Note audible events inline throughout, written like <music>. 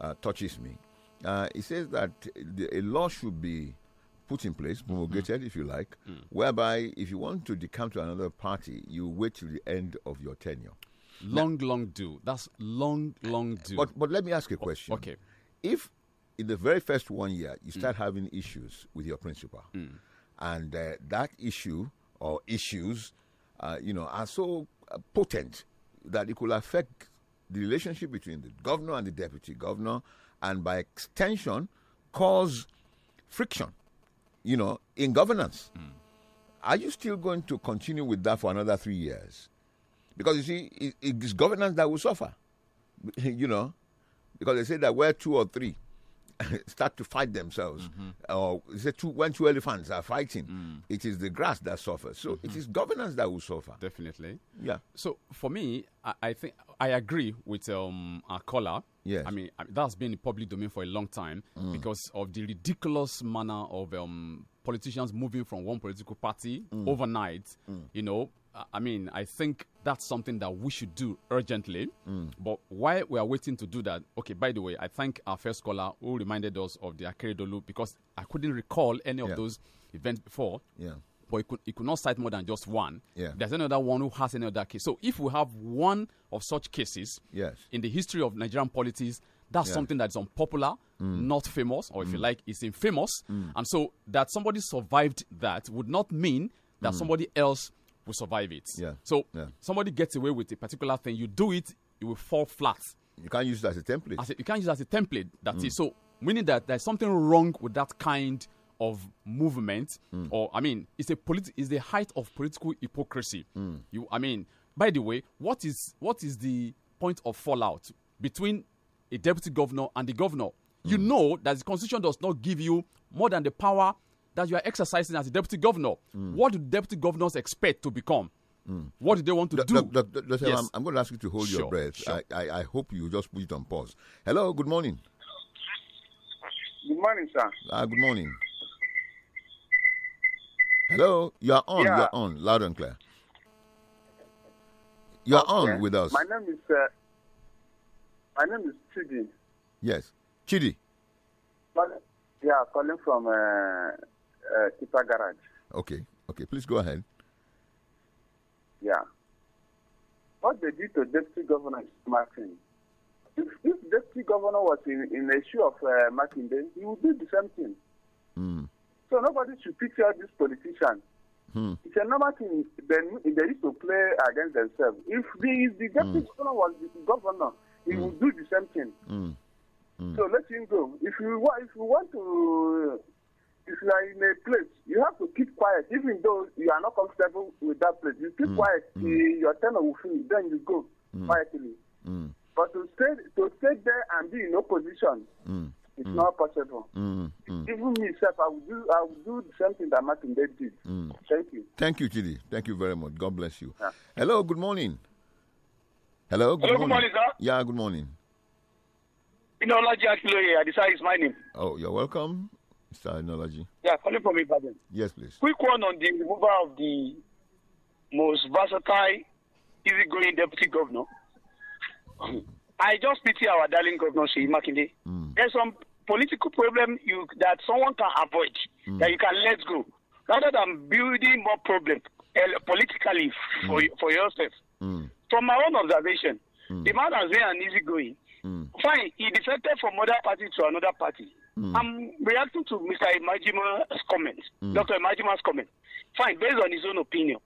uh, touches me. Uh, it says that the, a law should be put in place, promulgated mm. if you like, mm. whereby if you want to decamp to another party, you wait till the end of your tenure. Long, now, long due. That's long, long due. But, but let me ask a question. okay. If in the very first one year you hmm. start mm. having issues with your principal, hmm. and uh, that issue or issues, uh, you know, are so uh, potent that it could affect the relationship between the governor and the deputy governor, and by extension, cause friction, you know, in governance. Mm. Are you still going to continue with that for another three years? Because you see, it, it's governance that will suffer, <laughs> you know, because they say that where two or three <laughs> start to fight themselves, mm-hmm. or say two, when two elephants are fighting, mm. it is the grass that suffers. So mm-hmm. it is governance that will suffer. Definitely. Yeah. So for me, I, I think I agree with um, our caller. Yes. I mean, that's been in public domain for a long time mm. because of the ridiculous manner of um, politicians moving from one political party mm. overnight. Mm. You know, I mean, I think that's something that we should do urgently. Mm. But while we are waiting to do that, okay, by the way, I thank our first caller who reminded us of the Akeredolu because I couldn't recall any of yeah. those events before. Yeah but it could, it could not cite more than just one. Yeah. There's another one who has another case. So if we have one of such cases yes. in the history of Nigerian politics, that's yes. something that's unpopular, mm. not famous, or if mm. you like, it's infamous. Mm. And so that somebody survived that would not mean that mm. somebody else will survive it. Yeah. So yeah. somebody gets away with a particular thing, you do it, it will fall flat. You can't use it as a template. As a, you can't use it as a template, That mm. is So meaning that there's something wrong with that kind of movement, mm. or I mean, it's a polit- it's the height of political hypocrisy. Mm. You, I mean, by the way, what is what is the point of fallout between a deputy governor and the governor? Mm. You know that the constitution does not give you more than the power that you are exercising as a deputy governor. Mm. What do deputy governors expect to become? Mm. What do they want to do? do, do, do yes. I'm, I'm, going to ask you to hold sure, your breath. Sure. I, I, I, hope you just put it on pause. Hello, good morning. Good morning, sir. Uh, good morning. Hello, you are on. Yeah. You are on, loud and clear. You are okay. on with us. My name is. Uh, my name is Chidi. Yes, Chidi. We yeah, calling from uh, uh, Tipa Garage. Okay, okay. Please go ahead. Yeah. What they did to Deputy Governor Martin. If, if Deputy Governor was in, in the issue of uh, Martin, then he would do the same thing. Mm. So nobody should picture this politician. Hmm. It's a normal thing. They, they to play against themselves. If the, if the hmm. deputy governor was the governor, he mm. would do the same thing. Hmm. Hmm. So let him go. If you want, if you want to, if you are in a place, you have to keep quiet, even though you are not comfortable with that place. You keep quiet. your tenor will finish. Then you go quietly. But to stay to stay there and be in opposition it's mm. not possible. Mm. Mm. Even myself, I would do I will do the same thing that Martin Dave did. Mm. Thank you. Thank you, Chidi. Thank you very much. God bless you. Yeah. Hello, good morning. Hello, good Hello, morning. Good morning sir. Yeah, good morning. Inology Akiloye, I decide is my name. Oh, you're welcome, Mr. Inology. Yeah, calling for me, pardon. Yes, please. Quick one on the removal of the most versatile, easygoing deputy governor. Mm. I just pity our darling governor, Sheyi Makinde. Mm. There's some political problem you that someone can avoid, mm. that you can let go, rather than building more problems uh, eh, politically for, mm. for yourself. Mm. From my own observation, hmm. the man has been an easygoing. Hmm. Fine, he defected from one party to another party. Hmm. I'm reacting to Mr. Imajima's comment, Dr. Imajima's comment. Fine, based on his own opinion.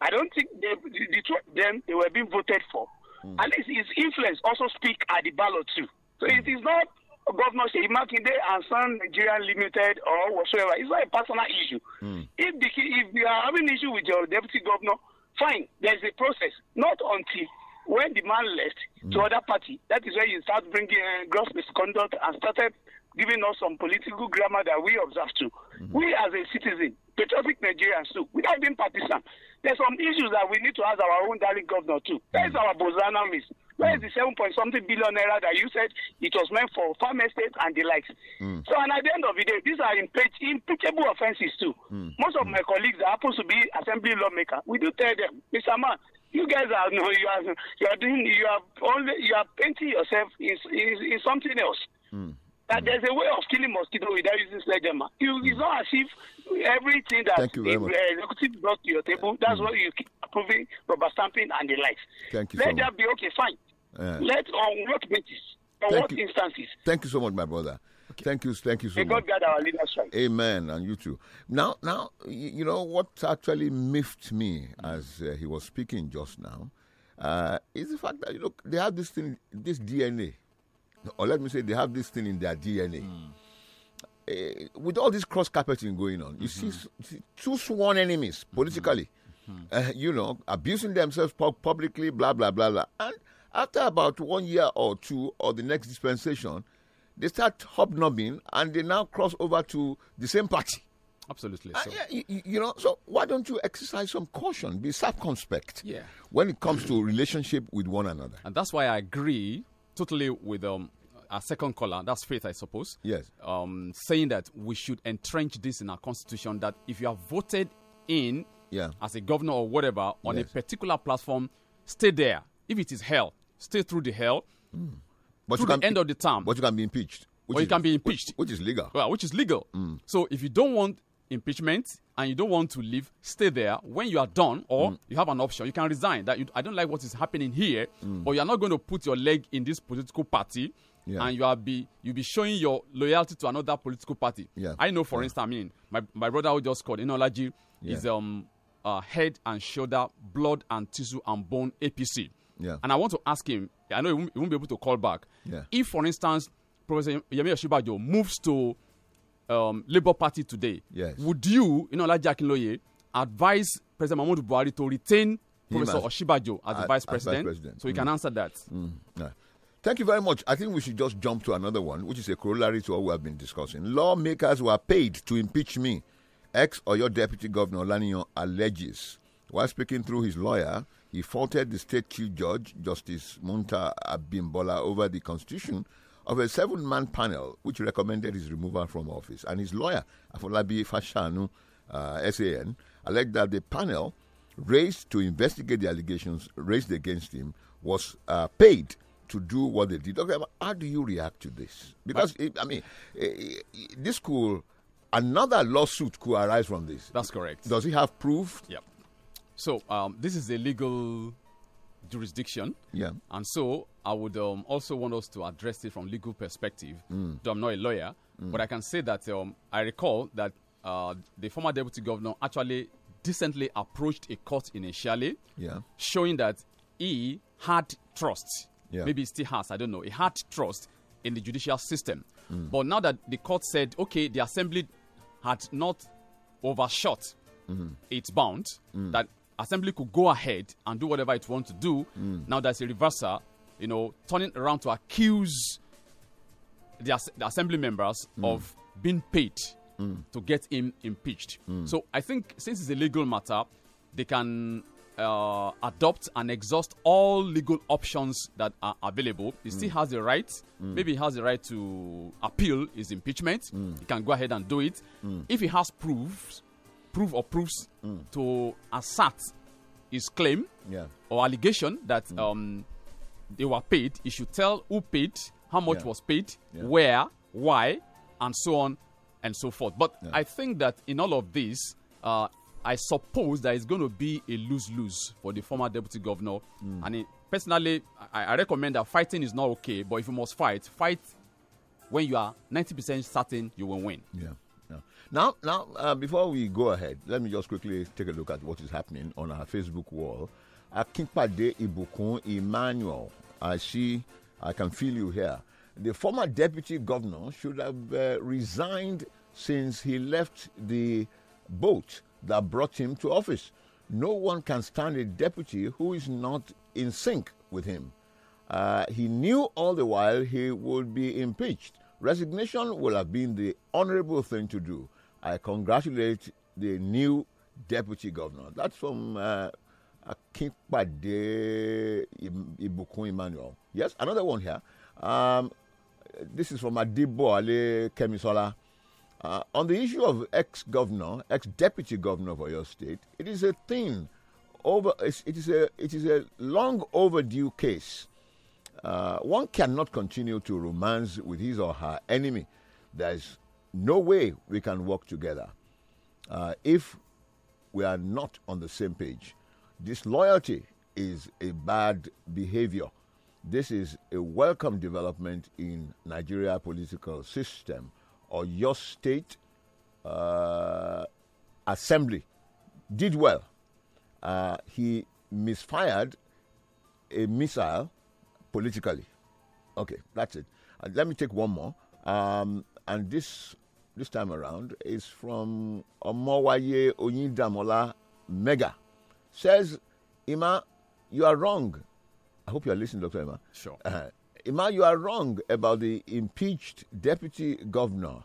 I don't think they, the them they were being voted for. Mm. At least his influence also speak at the ballot too. So mm. it is not Governor Sheyi Makinde and Sun Nigeria Limited or whatsoever. It's not a personal issue. Mm. If, the, if you are having an issue with your deputy governor, fine, there's a process. Not until when the man left mm. to hmm. other party, that is where you start bringing uh, gross misconduct and started giving us some political grammar that we observe too. mm We as a citizen, patriotic Nigerians too, without being partisan, there's some issues that we need to ask our own darling governor too. mm That's hmm. our Bozana miss. Where is the seven point something billion naira that you said it was meant for farm estate and the likes? Hmm. So, and at the end of the day, these are impeach- impeachable offenses too. Hmm. Most of my colleagues that happens to be assembly lawmaker, we do tell them, Mr. Man, you guys are no, you are you are doing you are only you are painting yourself in in, in something else. Mm. That mm. there's a way of killing mosquito without using sledgehammer. You, mm. It's hmm. not as if everything that the executive brought to your table, that's what you keep approving, rubber stamping, and the likes. Thank you Let so that much. be okay, fine. Let on what basis, on what you. instances. Thank you so much, my brother. Okay. Thank you, thank you so May much. God guide our leadership. Amen, and you too. Now, now, you know what actually miffed me as uh, he was speaking just now uh, is the fact that look, they have this thing, this DNA, or let me say, they have this thing in their DNA. Mm. Uh, eh, with all this cross carpeting going on, you mm-hmm. see two sworn enemies politically, mm-hmm. uh, you know, abusing themselves publicly, blah, blah, blah, blah. And after about one year or two or the next dispensation, they start hobnobbing and they now cross over to the same party. Absolutely. So. Uh, yeah, you, you, know, so why don't you exercise some caution, be circumspect yeah. when it comes to relationship with one another? And that's why I agree totally with um, our second caller, that's faith, I suppose. Yes. Um, saying that we should entrench this in our constitution that if you are voted in yeah. as a governor or whatever on yes. a particular platform, stay there. If it is hell, stay through the hell, mm. but through you can, the end of the term. But you can be impeached. Which or is, you can be impeached. Which, which is legal. Well, which is legal. Mm. So if you don't want impeachment and you don't want to leave, stay there. When you are done, or mm. you have an option, you can resign. That you, I don't like what is happening here, mm. but you are not going to put your leg in this political party, yeah. and you are be you be showing your loyalty to another political party. Yeah. I know, for yeah. instance, I mean, my, my brother who just called Inology yeah. is um uh, head and shoulder, blood and tissue and bone APC. Yeah. And I want to ask him, I know he won't, he won't be able to call back. Yeah. If, for instance, Professor Yemi Oshibajo moves to um, Labour Party today, yes. would you, you know, like Jack Loye, advise President Mahmoud Buhari to retain Professor as, Oshibajo as, as, vice, president, vice president? So he can mm. answer that. Mm. Yeah. Thank you very much. I think we should just jump to another one, which is a corollary to what we have been discussing. Lawmakers were paid to impeach me, ex or your deputy governor Lanion alleges. While speaking through his lawyer, he faulted the state chief judge, Justice Munta Abimbola, over the constitution of a seven man panel which recommended his removal from office. And his lawyer, Afolabi Fashanu, uh, SAN, alleged that the panel raised to investigate the allegations raised against him was uh, paid to do what they did. Okay, how do you react to this? Because, it, I mean, it, eh, it, eh, this could, another lawsuit could arise from this. That's correct. Does he have proof? Yep. So um, this is a legal jurisdiction. Yeah. And so I would um, also want us to address it from legal perspective. Mm. Though I'm not a lawyer, mm. but I can say that um, I recall that uh, the former deputy governor actually decently approached a court initially, yeah. showing that he had trust. Yeah. Maybe he still has, I don't know. He had trust in the judicial system. Mm. But now that the court said, okay, the assembly had not overshot mm -hmm. its bound, mm. that Assembly could go ahead and do whatever it wants to do. Mm. Now there's a reversal, you know, turning around to accuse the, as the Assembly members mm. of being paid mm. to get him impeached. Hmm. So I think since it's a legal matter, they can uh, adopt and exhaust all legal options that are available. He mm. still hmm. has the right. Mm. Maybe he has the right to appeal his impeachment. Mm. He can go ahead and do it. Hmm. If he has proofs, proof or proofs to assert his claim yeah. or allegation that mm. um, they were paid, he should tell who paid, how much yeah. was paid, yeah. where, why, and so on and so forth. But I think that in all of this, uh, I suppose that it's going to be a lose lose for the former deputy governor. Mm. And it, personally, I, I recommend that fighting is not okay, but if you must fight, fight when you are 90% certain you will win. Yeah. Now, now, uh, before we go ahead, let me just quickly take a look at what is happening on our Facebook wall. Akinpade Ibukun Emmanuel, I see, I can feel you here. The former deputy governor should have uh, resigned since he left the boat that brought him to office. No one can stand a deputy who is not in sync with him. Uh, he knew all the while he would be impeached. Resignation will have been the honorable thing to do. I congratulate the new deputy governor. That's from uh, Akinpade Ibukun Emmanuel. Yes, another one here. Um, this is from Adibo Ale Kemisola. Uh, on the issue of ex-governor, ex-deputy governor of your state, it is a thing over. It is a it is a long overdue case. Uh, one cannot continue to romance with his or her enemy. There is no way we can work together uh, if we are not on the same page. Disloyalty is a bad behavior. This is a welcome development in Nigeria political system or your state uh, assembly did well. Uh, he misfired a missile politically. Okay, that's it. Uh, let me take one more. Um, and this this time around is from Omowaye Oyindamola Mega. Says, Ima, you are wrong. I hope you are listening, Dr. Ima. Sure. Uh, Ima, you are wrong about the impeached deputy governor.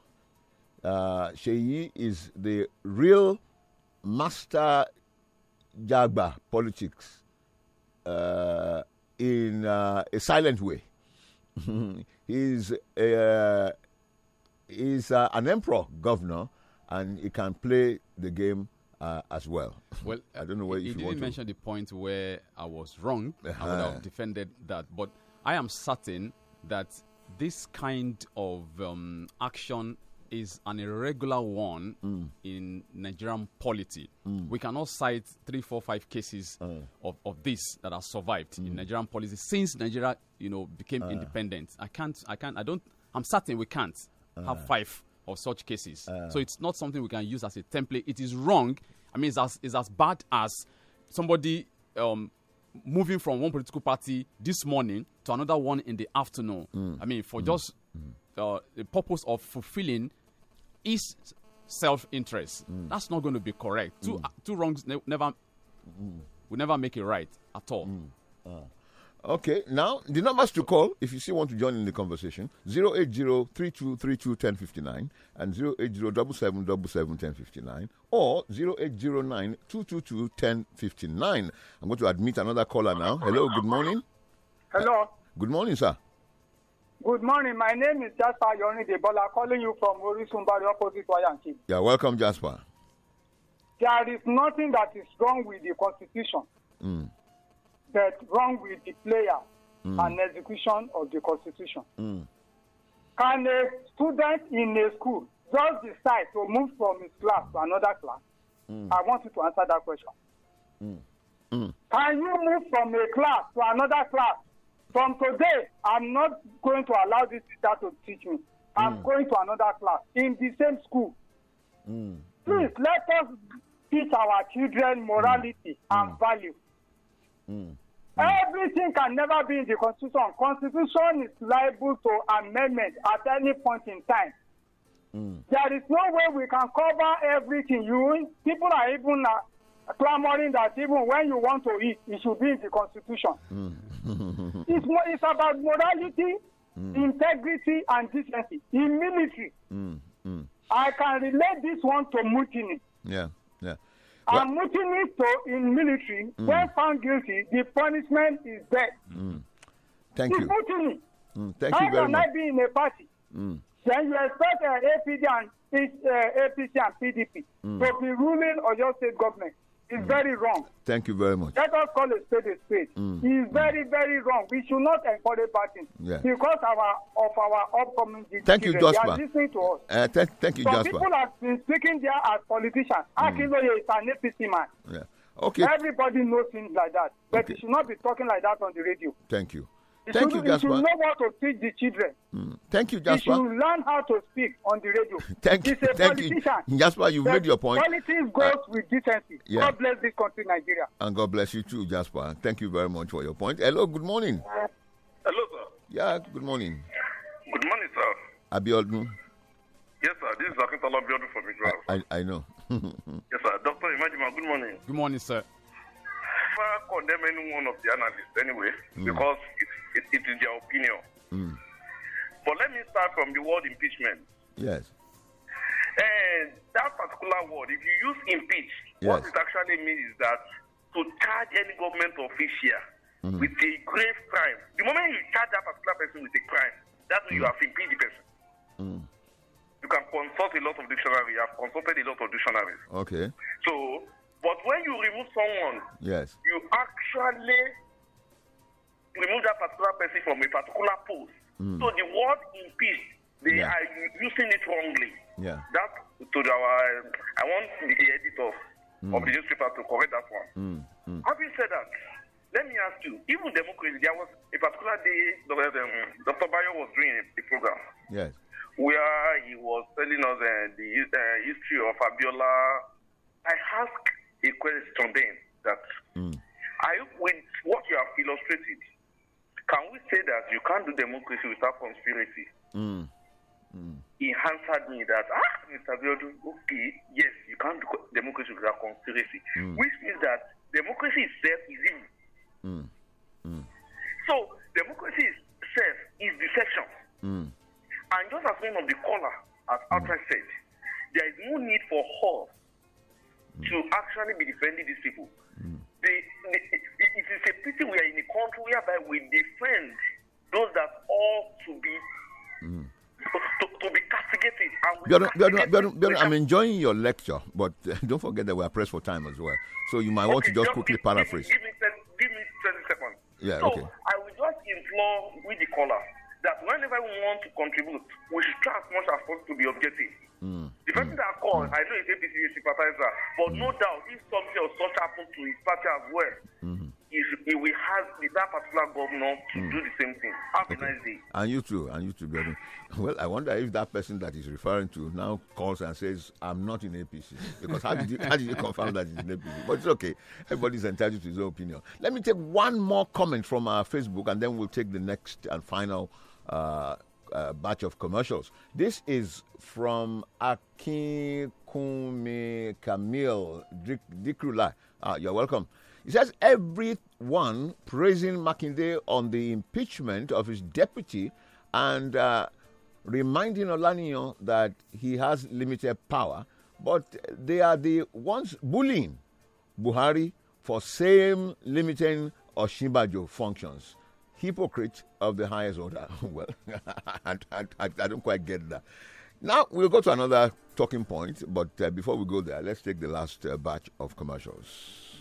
Uh, Sheyi is the real master Jagba politics uh, in uh, a silent way. <laughs> is a, uh, he's uh, an emperor governor, and he can play the game uh, as well. <laughs> Well, I don't know where you, you didn't mention the point where I was wrong. Uh-huh. I would uh-huh. have defended that, but I am certain that this kind of um, action is an irregular one mm. in Nigerian polity. Mm. We cannot cite three, four, five cases uh. of, of this that have survived mm. in hmm. Nigerian policy since Nigeria, you know, became uh. independent. I can't, I can't, I don't, I'm certain we can't have uh. five of such cases. Uh. so it's not something we can use as a template. It is wrong. I mean, it's as, it's as bad as somebody um, moving from one political party this morning to another one in the afternoon. Mm. I mean, for mm. just mm. uh, the purpose of fulfilling his self interest. Mm. That's not going to be correct. Two, mm. uh, two wrongs ne- never, mm. will never make it right at all. Uh. Okay, now the numbers to call if you still want to join in the conversation 080 1059 and 080 or 0809 1059. I'm going to admit another caller now. Hello, good morning. Hello. Uh, good morning, sir. Good morning. My name is Jasper Yoni Debola, calling you from Orisumbari opposite Wayanki. Yeah, welcome, Jasper. There is nothing that is wrong with the Constitution. Mm that wrong with the player mm. and execution of the constitution. Mm. Can a student in a school just decide to move from his class to another class? Mm. I want you to answer that question. Hmm. Hmm. Can you move from a class to another class? From today, I'm not going to allow this teacher to teach me. I'm hmm. going to another class in the same school. Please let us teach our children morality and value. Mm. Mm. Everything can never be in the constitution. Constitution is liable to amendment at any point in time. Mm. There is no way we can cover everything. You people are even uh, clamoring that even when you want to eat, it should be in the constitution. Mm. it's, it's about morality, mm. integrity, and decency in military. Mm. Mm. I can relate this one to mutiny. Yeah. A mutinist in military, mm. when found guilty, the punishment is death. Mm. Thank it's you. Mutiny. Mm. Thank you very much. How can I be in a party? Mm. Then you expect uh, APD and uh, APC and PDP mm. to be ruling or your state government is very wrong. Thank you very much. Let us call a spade a spade. Mm. It is mm. very, very wrong. We should not encourage parties yeah. because of our, of our upcoming Thank you, Joshua. They are listening to us. Uh, th- thank you, Some Jasper. people have been speaking there as politicians. Mm. Akinloye is an APC man. Yeah. Okay. Everybody knows things like that. But okay. you should not be talking like that on the radio. Thank you. Thank should, you, Jasper. You should know how to teach the children. Mm. Thank you, Jasper. You should learn how to speak on the radio. <laughs> thank you, thank politician. you, Jasper. You've made your point. Politics goes uh, with decency. Yeah. God bless this country, Nigeria. And God bless you too, Jasper. Thank you very much for your point. Hello, good morning. Hello, sir. Yeah, good morning. Good morning, sir. Abiodun. Yes, sir. This is Akintola Abiodun from Igbo. I, I, know. <laughs> yes, sir. Doctor Imajima, good morning. Good morning, sir. Never condemn any one of the analysts anyway, mm. because it it, it is their opinion. Mm. But let me start from the word impeachment. Yes. And eh, that particular word, if you use impeach, yes. what it actually means is that to charge any government official mm. with a grave crime, the moment you charge that particular person with a crime, that's when mm. you hmm. have impeached the person. Mm. You can consult a lot of dictionaries. I have consulted a lot of dictionaries. Okay. So, but when you remove someone, yes, you actually remove that particular person from a particular post. Mm. So the word peace, they yeah. are using it wrongly. Yeah. That to our, uh, I want the editor mm. of the newspaper to correct that one. Mm. Having said that, let me ask you, even democracy, there was a particular day um, Dr. Dr. Bayo was doing a, program. Yes. Where he was telling us uh, the uh, history of Abiola. I asked a question then that hmm. I, with what you have illustrated, can we say that you can't do democracy without conspiracy? Mm. Mm. He answered me that, ah, Mr. Biodun, okay, yes, you can't do democracy without conspiracy, mm. which means that democracy itself is evil. Mm. Mm. So, democracy itself is deception. Mm. And just as one of the caller has mm. outright said, there is no need for us mm. to actually be defending these people. Mm. the, it, is a pity we are in a country whereby we defend those that ought to be mm. to, to be castigated. Bjorn, Bjorn, Bjorn, Bjorn, I'm enjoying your lecture, but uh, <laughs> don't forget that we are pressed for time as well. So you might okay, want to just, just quickly give, paraphrase. Give, give, me give me 20 seconds. Yeah, so okay. I will just implore with the caller that whenever we want to contribute, we should try as much as possible to be objective. The mm. person that mm. called, mm. I know he's APC sympathizer, but no doubt if something of such happened to his party as well, mm he, will have that particular governor to do the same thing. Have okay. a nice day. And you too, and you too, baby. <laughs> Well, I wonder if that person that he's referring to now calls and says, I'm not in APC. Because how did you, how did you <laughs> confirm that he's in APC? But it's okay. Everybody's entitled to his own opinion. Let me take one more comment from our Facebook, and then we'll take the next and final uh, uh, batch of commercials. This is from Kumi Camille Dikrula. Uh, ah, you're welcome. He says, everyone praising Makinde on the impeachment of his deputy and uh, reminding Olanio that he has limited power, but they are the ones bullying Buhari for same limiting Oshibajo functions hypocrite of the highest order. <laughs> well, <laughs> I, I, I, don't quite get that. Now we'll go to another talking point, but uh, before we go there, let's take the last uh, batch of commercials.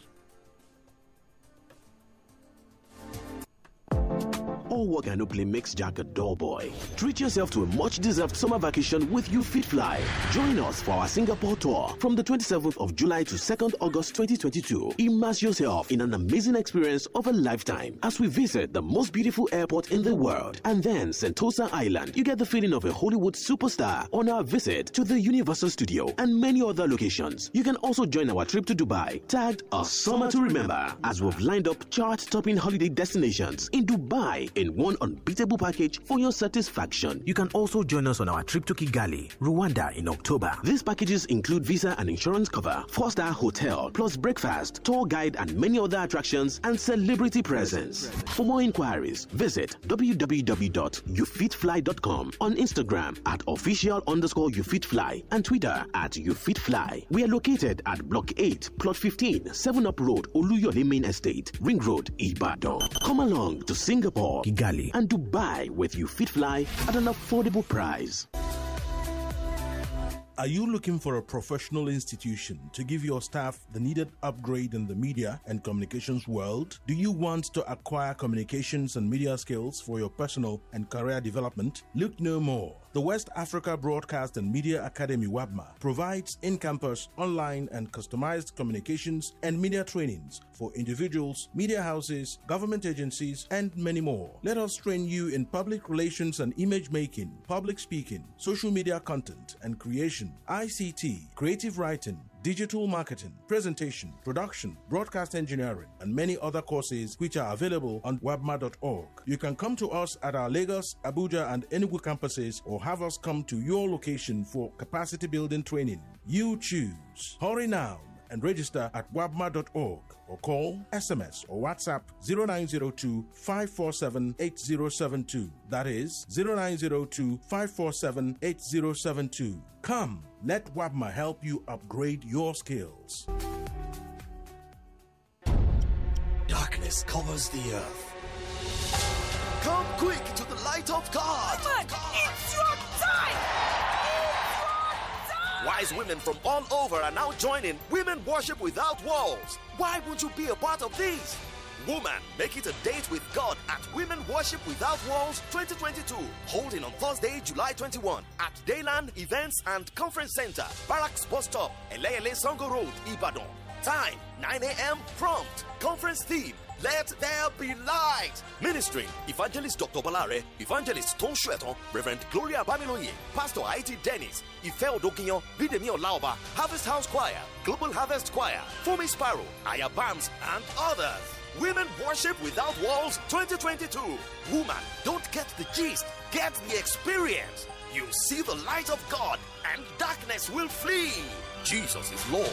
work and no play makes Jack a dull boy. Treat yourself to a much deserved summer vacation with You Fit Fly. Join us for our Singapore tour from the 27th of July to 2nd August 2022. Immerse yourself in an amazing experience of a lifetime as we visit the most beautiful airport in the world and then Sentosa Island. You get the feeling of a Hollywood superstar on our visit to the Universal Studio and many other locations. You can also join our trip to Dubai, tagged A Summer to Remember, as we've lined up chart topping holiday destinations in Dubai in one unbeatable package for your satisfaction. You can also join us on our trip to Kigali, Rwanda in October. These packages include visa and insurance cover, four star hotel, plus breakfast, tour guide, and many other attractions and celebrity presence. For more inquiries, visit www.ufitfly.com on Instagram at official underscore ufitfly and Twitter at ufitfly. We are located at Block 8, Plot 15, 7 Up Road, Oluyole Main Estate, Ring Road, Ibadan. Come along to Singapore. Kigali and Dubai with You Fit Fly at an affordable price. Are you looking for a professional institution to give your staff the needed upgrade in the media and communications world? Do you want to acquire communications and media skills for your personal and career development? Look no more the West Africa Broadcast and Media Academy WABMA provides in campus, online, and customized communications and media trainings for individuals, media houses, government agencies, and many more. Let us train you in public relations and image making, public speaking, social media content and creation, ICT, creative writing digital marketing, presentation, production, broadcast engineering, and many other courses which are available on webma.org. You can come to us at our Lagos, Abuja, and Enugu campuses or have us come to your location for capacity building training. You choose. Hurry now and register at wabma.org or call, SMS, or WhatsApp 0902 547 8072. That is 0902 547 8072. Come, let Wabma help you upgrade your skills. Darkness covers the earth. Come quick to the light of God. Wise women from all over are now joining Women Worship Without Walls. Why won't you be a part of these? Woman, make it a date with God at Women Worship Without Walls 2022, holding on Thursday, July 21 at Dayland Events and Conference Center, Barracks Bus Stop, Elele Songo Road, Ibadan. Time 9 a.m. Prompt. Conference theme let there be light. Ministering Evangelist Dr. Balare, Evangelist Tom Shweton, Reverend Gloria Bamiloye, Pastor Haiti Dennis, Ife Odokinyo, Bidemi Olaoba, Harvest House Choir, Global Harvest Choir, Fumi Sparrow, Aya Bams, and others. Women Worship Without Walls 2022. Woman, don't get the gist, get the experience. you see the light of God, and darkness will flee. Jesus is Lord.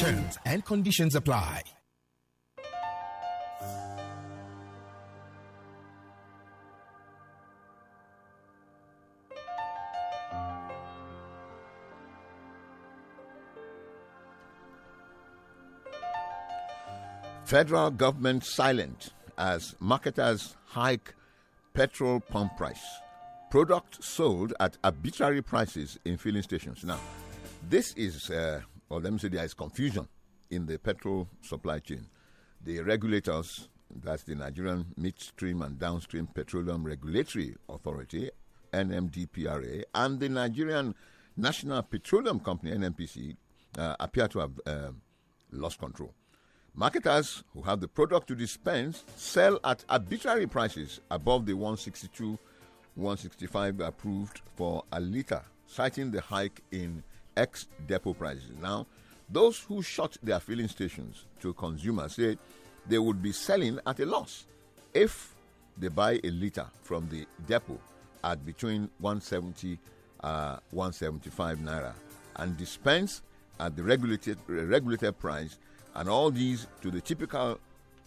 Terms and conditions apply. Federal government silent as marketers hike petrol pump price. Product sold at arbitrary prices in filling stations. Now, this is, uh, or let me say, there is confusion in the petrol supply chain. The regulators, that's the Nigerian Midstream and Downstream Petroleum Regulatory Authority, NMDPRA, and the Nigerian National Petroleum Company, NNPC, uh, appear to have uh, lost control. Marketers who have the product to dispense sell at arbitrary prices above the 162 165 approved for a litre, citing the hike in ex depot prices. Now, those who shut their filling stations to consumers said they would be selling at a loss if they buy a litre from the depot at between 170 uh, 175 naira and dispense at the regulated regulated price and all these to the typical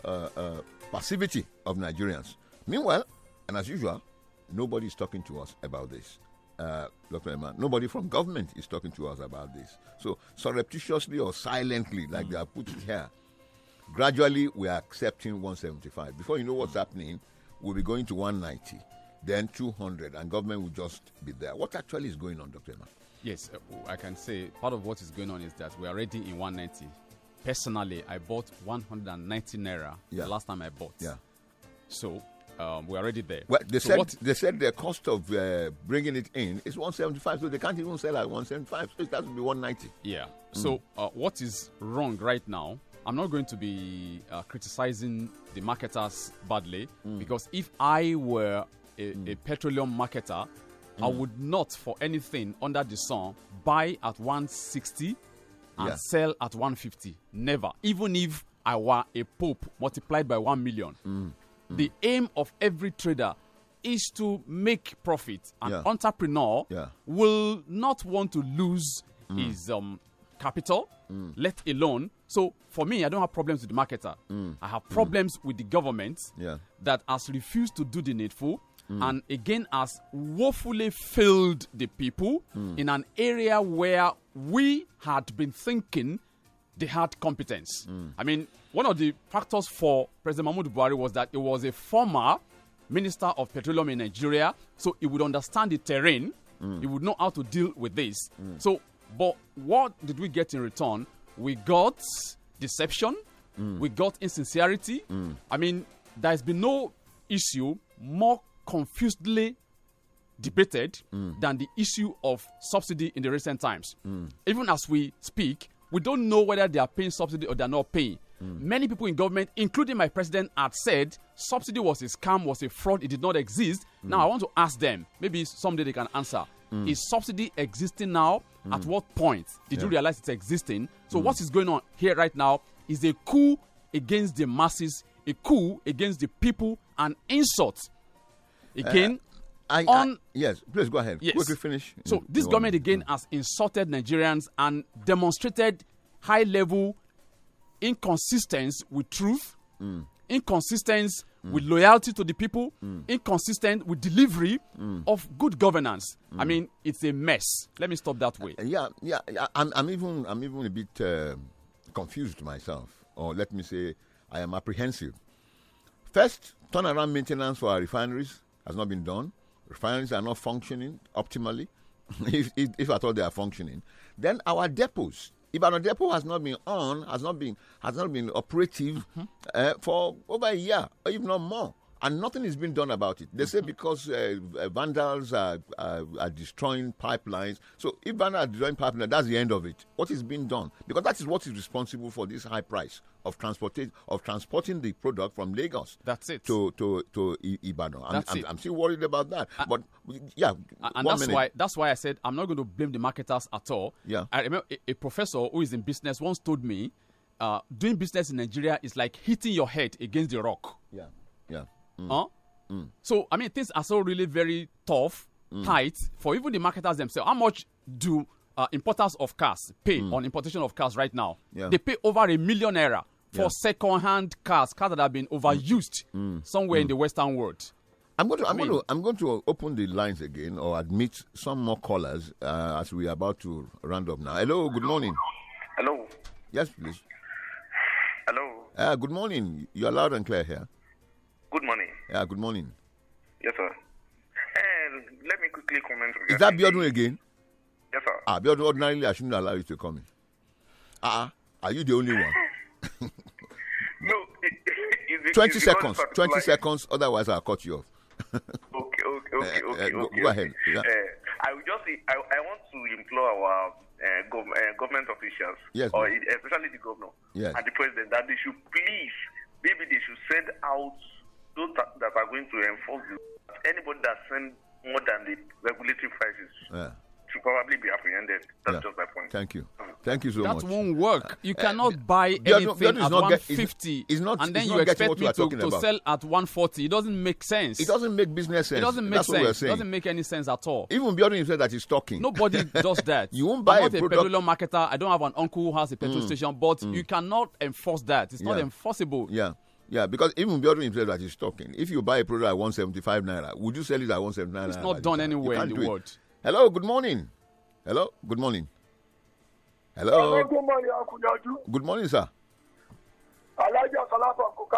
uh, uh passivity of Nigerians. Meanwhile, and as usual, Nobody's talking to us about this. Uh, Dr. Emma. nobody from government is talking to us about this. So surreptitiously or silently, like mm. they have put it here, gradually we are accepting 175. Before you know what's mm. happening, we'll be going to 190, then 200, and government will just be there. What actually is going on, Dr. Emma? Yes, uh, oh, I can say part of what is going on is that we are already in 190. Personally, I bought 190 naira yeah. the last time I bought. Yeah. So um, we're already there. Well, they so said what? they said the cost of uh, bringing it in is 175, so they can't even sell at 175. So that would be 190. Yeah. Mm. So uh, what is wrong right now? I'm not going to be uh, criticizing the marketers badly mm. because if I were a, mm. a petroleum marketer, I mm. would not for anything under the sun buy at 160 and yeah. sell at 150. Never. Even if I were a pope multiplied by 1 million. Mm. The aim of every trader is to make profit. An yeah. entrepreneur yeah. will not want to lose mm. his um, capital, mm. let alone. So for me, I don't have problems with the marketer. Mm. I have mm. problems with the government yeah. that has refused to do the needful. Mm. And again, has woefully failed the people mm. in an area where we had been thinking they had competence. Mm. I mean, one of the factors for President Mahmoud Buhari was that he was a former minister of petroleum in Nigeria, so he would understand the terrain. Mm. He would know how to deal with this. Mm. So, but what did we get in return? We got deception. Mm. We got insincerity. Mm. I mean, there has been no issue more confusedly debated mm. than the issue of subsidy in the recent times. Mm. Even as we speak, we don't know whether they are paying subsidy or they're not paying. Mm. Many people in government, including my president, had said subsidy was a scam, was a fraud, it did not exist. Mm. Now I want to ask them, maybe someday they can answer. Mm. Is subsidy existing now? Mm. At what point did yeah. you realize it's existing? So mm. what is going on here right now is a coup against the masses, a coup against the people, an insult. Uh, again, I, on, I, yes, please go ahead. Yes. Quickly finish. So this government again mm. has insulted Nigerians and demonstrated high level inconsistence with truth, mm. inconsistence mm. with loyalty to the people, mm. inconsistent with delivery mm. of good governance. I mm. mean, it's a mess. Let me stop that way. Uh, yeah, yeah. I'm, I'm, even I'm even a bit uh, confused myself, or let me say, I am apprehensive. First, turnaround maintenance for our refineries has not been done refineries are not functioning optimally, <laughs> if, if, if, at all they are functioning, then our depots, if our depot has not been on, has not been, has not been operative mm -hmm. uh, for over a year, or even more and nothing is being done about it. They say mm-hmm. because uh, uh, vandals are, are, are, destroying pipelines. So if vandals are destroying pipelines, that's the end of it. What is being done? Because that is what is responsible for this high price of transportation of transporting the product from Lagos. That's it. To to to I- Ibadan. I'm, that's I'm, it. I'm still worried about that. I, but yeah, and that's minute. why that's why I said I'm not going to blame the marketers at all. Yeah. I remember a, a professor who is in business once told me, uh, doing business in Nigeria is like hitting your head against the rock. Yeah Mm. Huh? Mm. So I mean, things are so really very tough, mm. tight for even the marketers themselves. How much do uh, importers of cars pay mm. on importation of cars right now? Yeah. They pay over a million naira for yeah. second-hand cars, cars that have been overused mm. Mm. somewhere in the Western world. I'm going to, I'm mean, going to, I'm going to open the lines again or admit some more callers uh, as we are about to round up now. Hello, good morning. Hello. Yes, please. Hello. Uh, good morning. You're loud and clear here. Good morning. Yeah, good morning. Yes, sir. Uh, let me quickly comment. Is that Biodun again? Yes, sir. Ah, Biodun, ordinarily, I shouldn't allow you to come in. Ah, ah are you the only one? <laughs> no. <laughs> It, it, 20 seconds. 20 like... seconds, otherwise, I'll cut you off. <laughs> okay, okay, eh, okay, eh, okay, uh, go, okay. Go ahead. Yeah. I will just, I, I want to implore our uh, gov- uh, government officials, yes, or especially the governor yes. and the president, that they should please, maybe they should send out those that, that are going to enforce you. anybody that sends more than the regulatory prices yeah. should probably be apprehended. That's yeah. just my point. Thank you. Thank you so that much. That won't work. Uh, you uh, cannot uh, buy anything no, at 150 get, it's, it's not, and then you expect me to, to sell at 140. It doesn't make sense. It doesn't make business sense. It doesn't make That's sense. It doesn't make any sense at all. Even Bjorn said that he's talking. Nobody <laughs> does that. you won't buy I'm not a, a petroleum marketer. I don't have an uncle who has a petrol mm. station, but mm. you cannot enforce that. It's yeah. not enforceable. Yeah. Yeah, because even Biodun himself that he's talking, if you buy a product at 175 naira, would you sell it at 179 It's not done anywhere in the world. It. Hello, good morning. Hello, good morning. Hello. Good morning, Good morning, sir. Good morning, ah.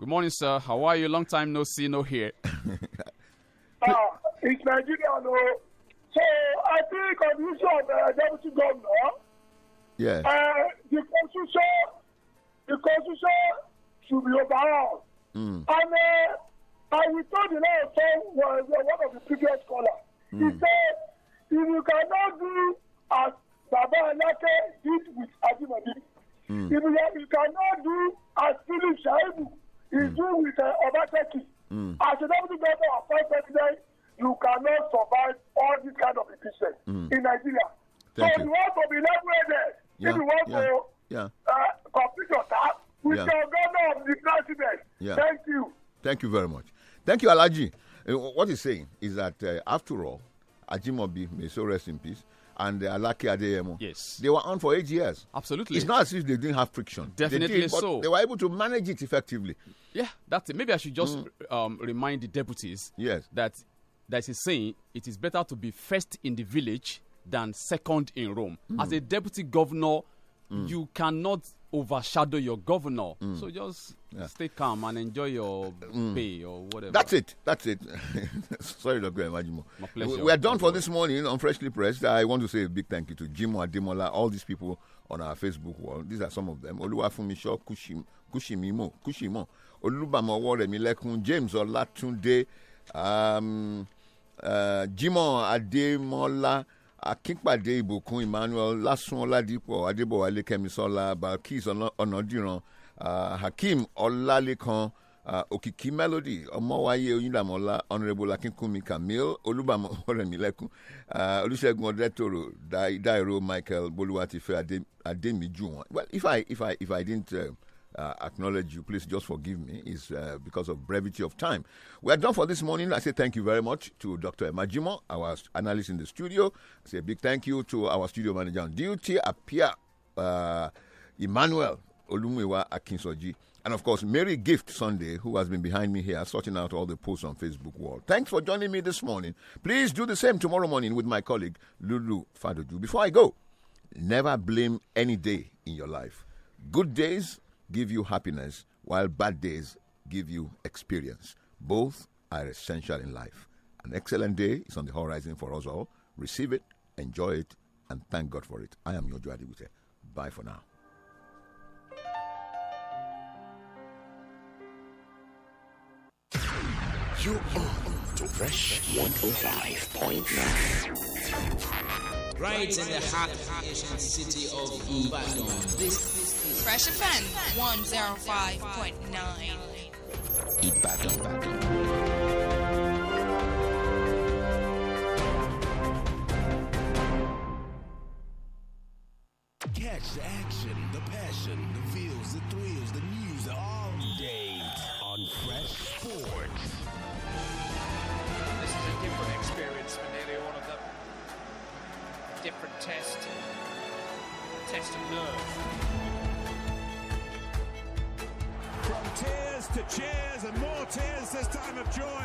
Good morning, sir. How are you? Long time no see, no hear. uh, <laughs> it's Nigeria, no. Oh. So I think on issue of uh, deputy governor, yeah. Uh, the constitution the constitution should be overhauled. Mm. And uh, I will tell the law from one of the previous scholars. Mm. He hmm. said, if you cannot do as Baba Anake did with Adimadi, mm. if you, cannot do as Philip Shaibu is mm. doing with uh, Obateki, mm. as a deputy governor of first president, you cannot survive all this kind of efficiency mm. in Nigeria. Thank so you. you want to be level yeah, if you want yeah. to yeah. uh, complete your task with yeah. the governor of the president. Yeah. Thank you. Thank you very much. Thank you, Alaji. Uh, what he's saying is that uh, after all, Ajimobi may so rest in peace and uh, Alaki Adeyemo. Yes. They were on for eight years. Absolutely. It's not as if they didn't have friction. Definitely they did, so. They were able to manage it effectively. Yeah, that's it. Maybe I should just mm. um, remind the deputies yes. that that is saying it is better to be first in the village than second in Rome. Mm. As a deputy governor, Mm. You cannot overshadow your governor. Mm. So just yeah. stay calm and enjoy your mm. pay or whatever. That's it. That's it. <laughs> Sorry, Dr. Imajimo. My pleasure. We are done for this morning on Freshly Pressed. I want to say a big thank you to Jimo Ademola, all these people on our Facebook wall. These are some of them. Oluwafumisho Kushim, Kushimimo, Kushimo, Olubamowo Waremilekun, James Olatunde, um, uh, Jimo Ademola, akínpàdé ìbùkún emmanuel lásùn ọládìpọ̀ adébọ̀wálé kẹ́misọ́lá balkis ọ̀nàdìran hakeem ọlálékan òkìkí melody ọmọwáyé oyinlamọlá honourable akínkúnmi camille olúbàmọ ọrẹmilẹkùn olùṣègùn ọdẹtòrò dairo michael bolúwatifẹ adémíjù wọn well if i if i if i didn't. Uh, uh, acknowledge you. Please just forgive me. It's uh, because of brevity of time. We are done for this morning. I say thank you very much to Dr. Emajimo, our analyst in the studio. I say a big thank you to our studio manager on duty, Apia uh, Emmanuel Olumuiwa Akinsoji. And of course, Mary Gift Sunday, who has been behind me here, sorting out all the posts on Facebook wall. Thanks for joining me this morning. Please do the same tomorrow morning with my colleague Lulu Fadoju. Before I go, never blame any day in your life. Good days give you happiness, while bad days give you experience. Both are essential in life. An excellent day is on the horizon for us all. Receive it, enjoy it, and thank God for it. I am your Joe Adigute. Bye for now. You are on Fresh 105.9 right in the heart of the Asian city of Ibadan. Fresh offense 105.9 Ibadan. test of nerves. From tears to cheers and more tears this time of joy.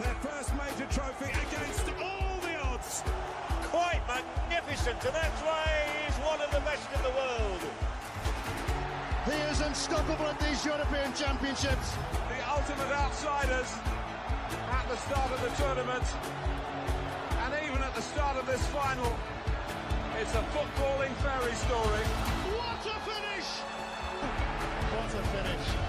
Their first major trophy against all the odds. Quite magnificent, and that's why he's one of the best in the world. He is unstoppable at these European Championships. The ultimate outsiders at the start of the tournament and even at the start of this final it's a footballing fairy story. What a finish! What a finish.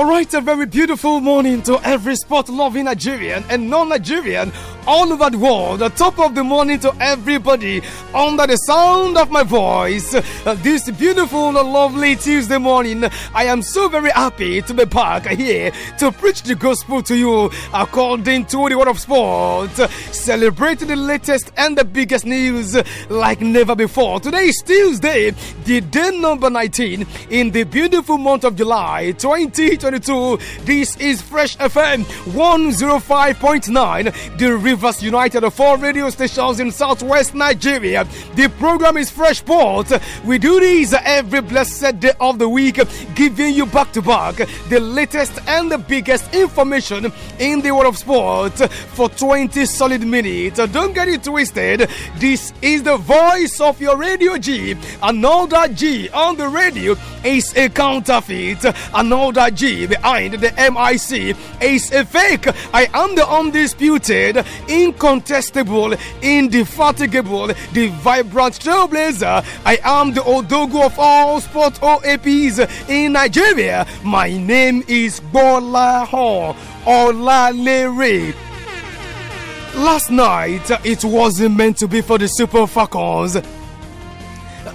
Alright, a very beautiful morning to every sport loving Nigerian and non Nigerian all over the world. The top of the morning to everybody under the sound of my voice uh, this beautiful, lovely Tuesday morning. I am so very happy to be back here to preach the gospel to you according to the word of sport, celebrating the latest and the biggest news like never before. Today is Tuesday, the day number 19 in the beautiful month of July 2022. This is Fresh FM 105.9, the Rivers United of four radio stations in southwest Nigeria. The program is Fresh Port. We do these every blessed day of the week, giving you back to back the latest and the biggest information in the world of sport for 20 solid minutes. Don't get it twisted. This is the voice of your radio G. Another G on the radio is a counterfeit. Another G behind the MIC is a fake. I am the undisputed, incontestable, indefatigable, the vibrant trailblazer. I am the Odogo of all sport OAPs in Nigeria. My name is Bola Ola Olalere. Last night, it wasn't meant to be for the Super Falcons.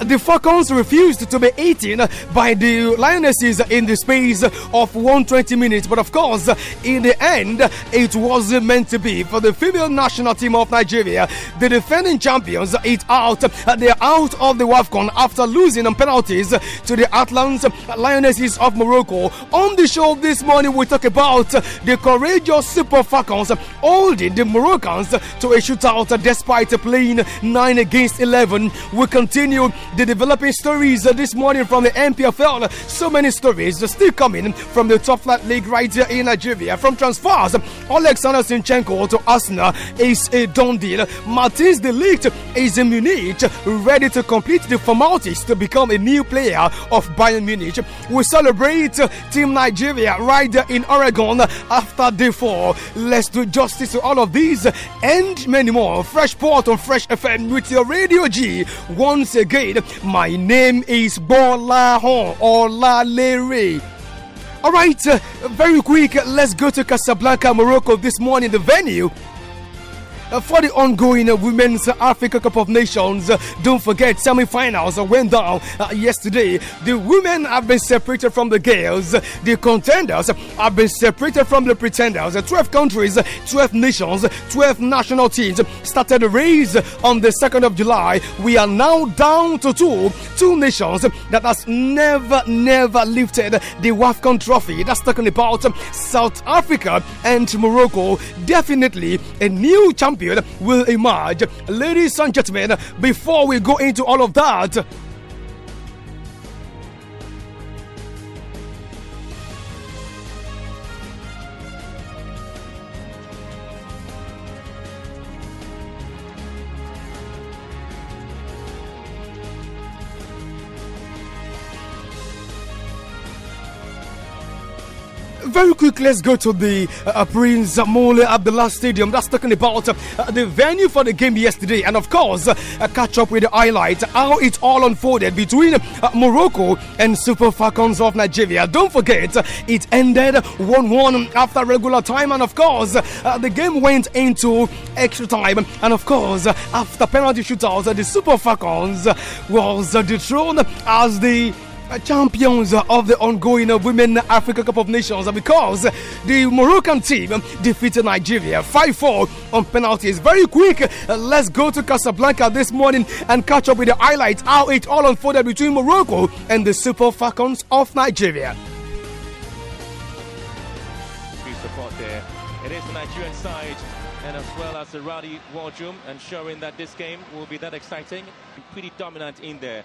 The Falcons refused to be eaten by the Lionesses in the space of 120 minutes. But of course, in the end, it wasn't meant to be for the female national team of Nigeria. The defending champions eat out. They're out of the WAFCON after losing on penalties to the Atlanta Lionesses of Morocco. On the show this morning, we talk about the courageous Super Falcons holding the Moroccans to a shootout despite playing 9 against 11. We continue the developing stories uh, this morning from the NPFL. So many stories uh, still coming from the top flight league right here in Nigeria. From transfers, Alexander Sinchenko to Arsenal is a done deal. Martins de Ligt is in Munich, ready to complete the formalities to become a new player of Bayern Munich. We celebrate uh, Team Nigeria right here in Oregon after day four. Let's do justice to all of these and many more. Fresh Port on Fresh FM with your Radio G once again said, My name is Bola Hon Olalere. All right, uh, very quick, let's go to Casablanca, Morocco this morning. The venue uh, for the ongoing uh, Women's Africa Cup of Nations. Uh, don't forget, semi finals went down yesterday. The women have been separated from the girls, the contenders have been separated from the pretenders. 12 countries, 12 nations, 12 national teams started the race on the 2nd of July. We are now down to two, two nations that has never, never lifted the WAFCON trophy. That's talking about South Africa and Morocco. Definitely a new champion champion will emerge. Ladies and gentlemen, before we go into all of that, very quick, let's go to the uh, Prince Mole Abdullah Stadium. That's talking about uh, the venue for the game yesterday, and of course, uh, catch up with the highlights, how it all unfolded between uh, Morocco and Super Falcons of Nigeria. Don't forget, it ended 1 1 after regular time, and of course, uh, the game went into extra time, and of course, after penalty shootouts, the Super Falcons was dethroned as the uh, champions of the ongoing Women Africa Cup of Nations because the Moroccan team defeated Nigeria 5 4 on penalties. Very quick, uh, let's go to Casablanca this morning and catch up with the highlights how it all unfolded between Morocco and the Super Falcons of Nigeria. It is the Nigerian side and as well as the rally war room and showing that this game will be that exciting. Pretty dominant in there.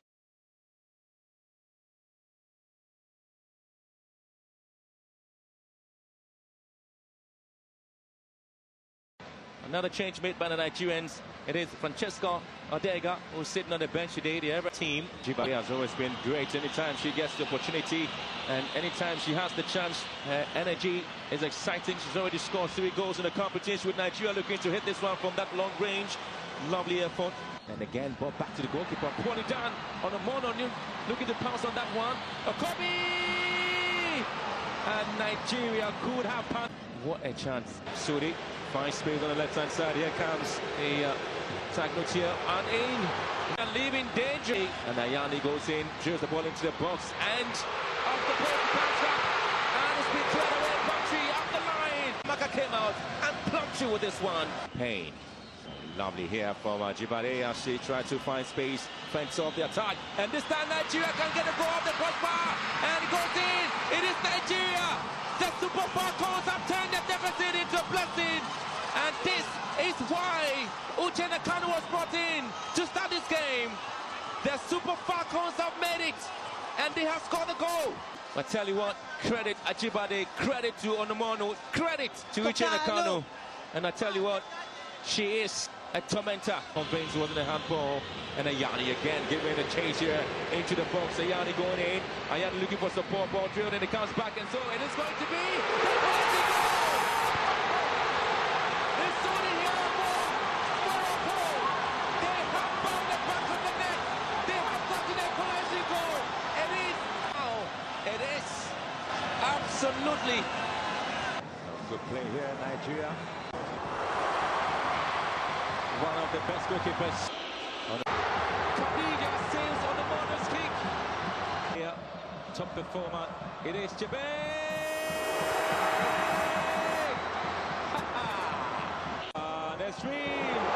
Another change made by the Nigerians. It is Francesco Odega who's sitting on the bench today. The ever team. Jibari has always been great anytime she gets the opportunity and anytime she has the chance. Her energy is exciting. She's already scored three goals in the competition with Nigeria looking to hit this one from that long range. Lovely effort. And again, ball back to the goalkeeper. Poorly done on a Mono. Looking to pounce on that one. copy, And Nigeria could have... What a chance. Suri Fine speed on the left-hand side. Here comes the uh, here and in. And leaving danger. And Ayani goes in, drills the ball into the box and off the ball catch up. And it's been thrown away. Bakshi up the line. Maka came out and plucked you with this one. Payne. Lovely here from uh, Jibare as she tried to find space, fence off the attack. And this time Nigeria can get a goal off the crossbar. And it goes in. It is Nigeria. The Super Falcons have turned their deficit into a blessing. And this is why Uchenna Kanu was brought in to start this game. The Super Falcons have made it, and they have scored a goal. I tell you what, credit Ajibade, credit to Onomono, credit to Uchenna Kanu. And I tell you what, she is a tormentor. Convinced wasn't a handball. And Ayani again giving a change here into the box. Ayani going in. Ayani looking for support ball drilled and it comes back and so it is going to be. It is absolutely. Good play here in Nigeria one of the best goalkeepers. sails on the bonus kick. Here, top performer, it is Jabe. uh, there's three.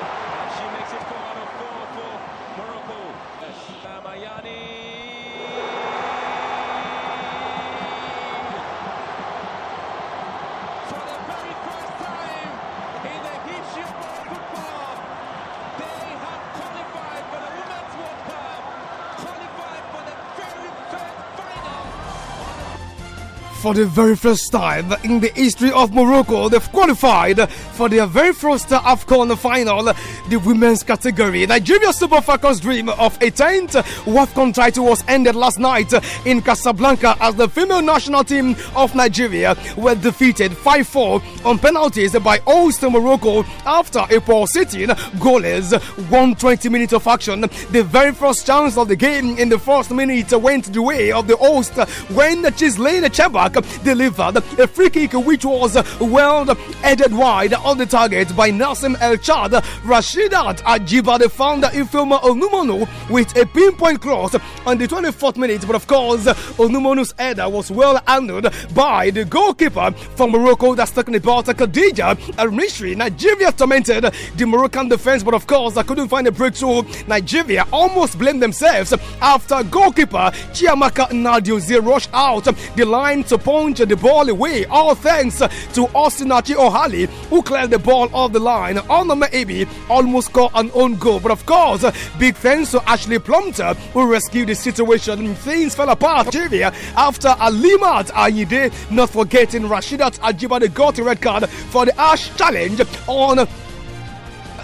for the very first time in the history of Morocco, they've qualified for their very first AFCON final, the women's category. Nigeria Super Falcons' dream of a 10th WAFCON title was ended last night in Casablanca as the female national team of Nigeria were defeated 5 4 on penalties by host Morocco after a poor sitting goalless 120 minutes of action. The very first chance of the game in the first minute went the way of the host when Chislane Chebak delivered a free kick which was well headed wide on the target by Nassim El Chad. Rashidat Ajibade found Ifeoma Onumonu with a pinpoint cross on the 24th minute, but of course, Onumonu's header was well handled by the goalkeeper from Morocco that's talking about Khadija Mishri. Nigeria tormented the Moroccan defense, but of course, I couldn't find a breakthrough. Nigeria almost blamed themselves after goalkeeper Chiamaka Nadio rushed out the line to punch the ball away. All thanks to Osinachi Ohali, who cleared the ball off the line. On maybe almost got an own goal. But of course, big thanks to Ashley Plumter, who rescued the situation. Things fell apart. Nigeria after Alimat Ayide, not forgetting Rashidat Ajibade got a red card for the Ash challenge on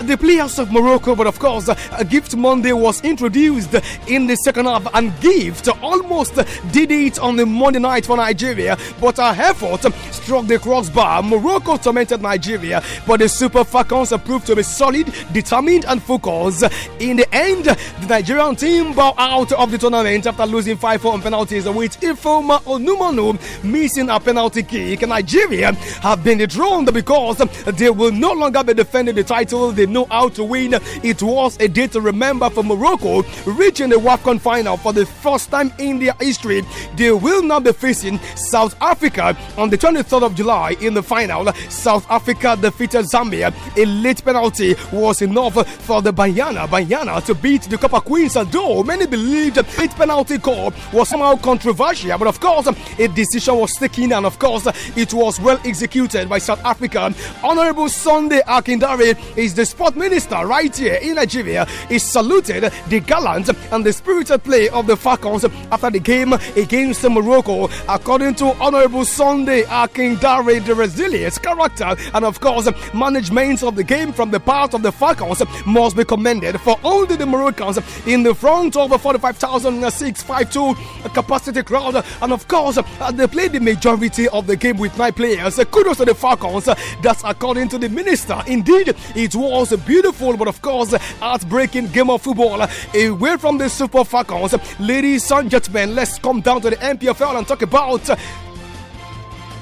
the players of Morocco, but of course, uh, Gift Monday was introduced in the second half, and Gift almost did it on the Monday night for Nigeria, but her effort struck the crossbar. Morocco tormented Nigeria, but the Super Falcons proved to be solid, determined, and focused. In the end, the Nigerian team bow out of the tournament after losing 5 4 on penalties, with Ifoma Onumanu missing a penalty kick. Nigeria have been dethroned because they will no longer be defending the title. They know how to win. It was a day to remember for Morocco reaching the WAFCON final for the first time in their history. They will now be facing South Africa on the 23rd of July in the final. South Africa defeated Zambia. A late penalty was enough for the Banyana Banyana to beat the Copper Queens, although many believed the late penalty call was somehow controversial. But of course, a decision was taken, and of course, it was well executed by South Africa. Honorable Sunday Akindare is the sport minister right here in Nigeria is saluted the gallant and the spirited play of the Falcons after the game against Morocco. According to Honorable Sunday Akindare, the resilience, character, and of course, management of the game from the part of the Falcons must be commended for only the Moroccans in the front of 45,652 capacity crowd. And of course, they played the majority of the game with nine players. Kudos to the Falcons. That's according to the minister. Indeed, it was course, beautiful, but of course, heartbreaking game of football. Away from the Super Falcons, ladies and gentlemen, let's come down to the MPFL and talk about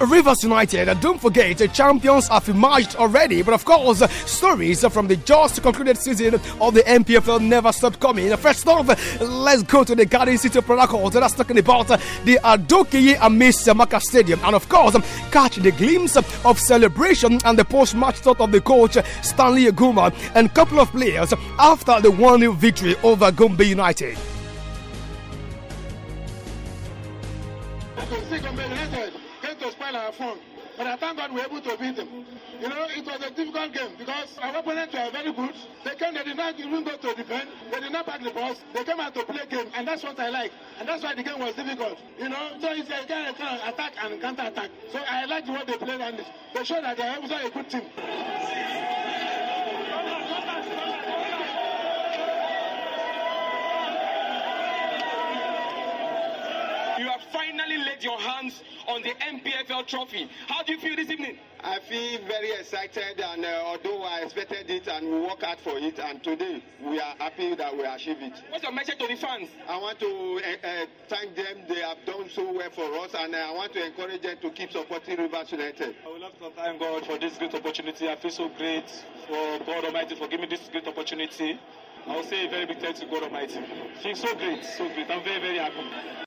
Rivers United, don't forget, the champions have emerged already, but of course, stories from the just concluded season of the MPFL never stopped coming. First off, let's go to the Garden City Protocol. That's talking about the Adokiye Amis Maka Stadium, and of course, catch the glimpse of celebration and the post match thought of the coach Stanley Aguma and couple of players after the 1 0 victory over Gombe United. We were able to beat them. You know, it was a difficult game because our opponents were very good. They came, they did not even go to defend. They did not pack the balls. They came out to play game, and that's what I like. And that's why the game was difficult. You know, so it's a kind of, kind of attack and counter attack. So I liked what they played, and they showed that they are also a good team. having laid your hands on the MPFL trophy. How do you feel this evening? I feel very excited, and uh, although I expected it and we worked hard for it, and today we are happy that we achieved it. What's your message to the fans? I want to uh, uh, thank them. They have done so well for us, and uh, I want to encourage them to keep supporting Rivers United. I would love to thank God for this great opportunity. I feel so great for God Almighty for giving me this great opportunity. I will say a very big thanks to God Almighty. Feel so great, so great. I'm very, very happy.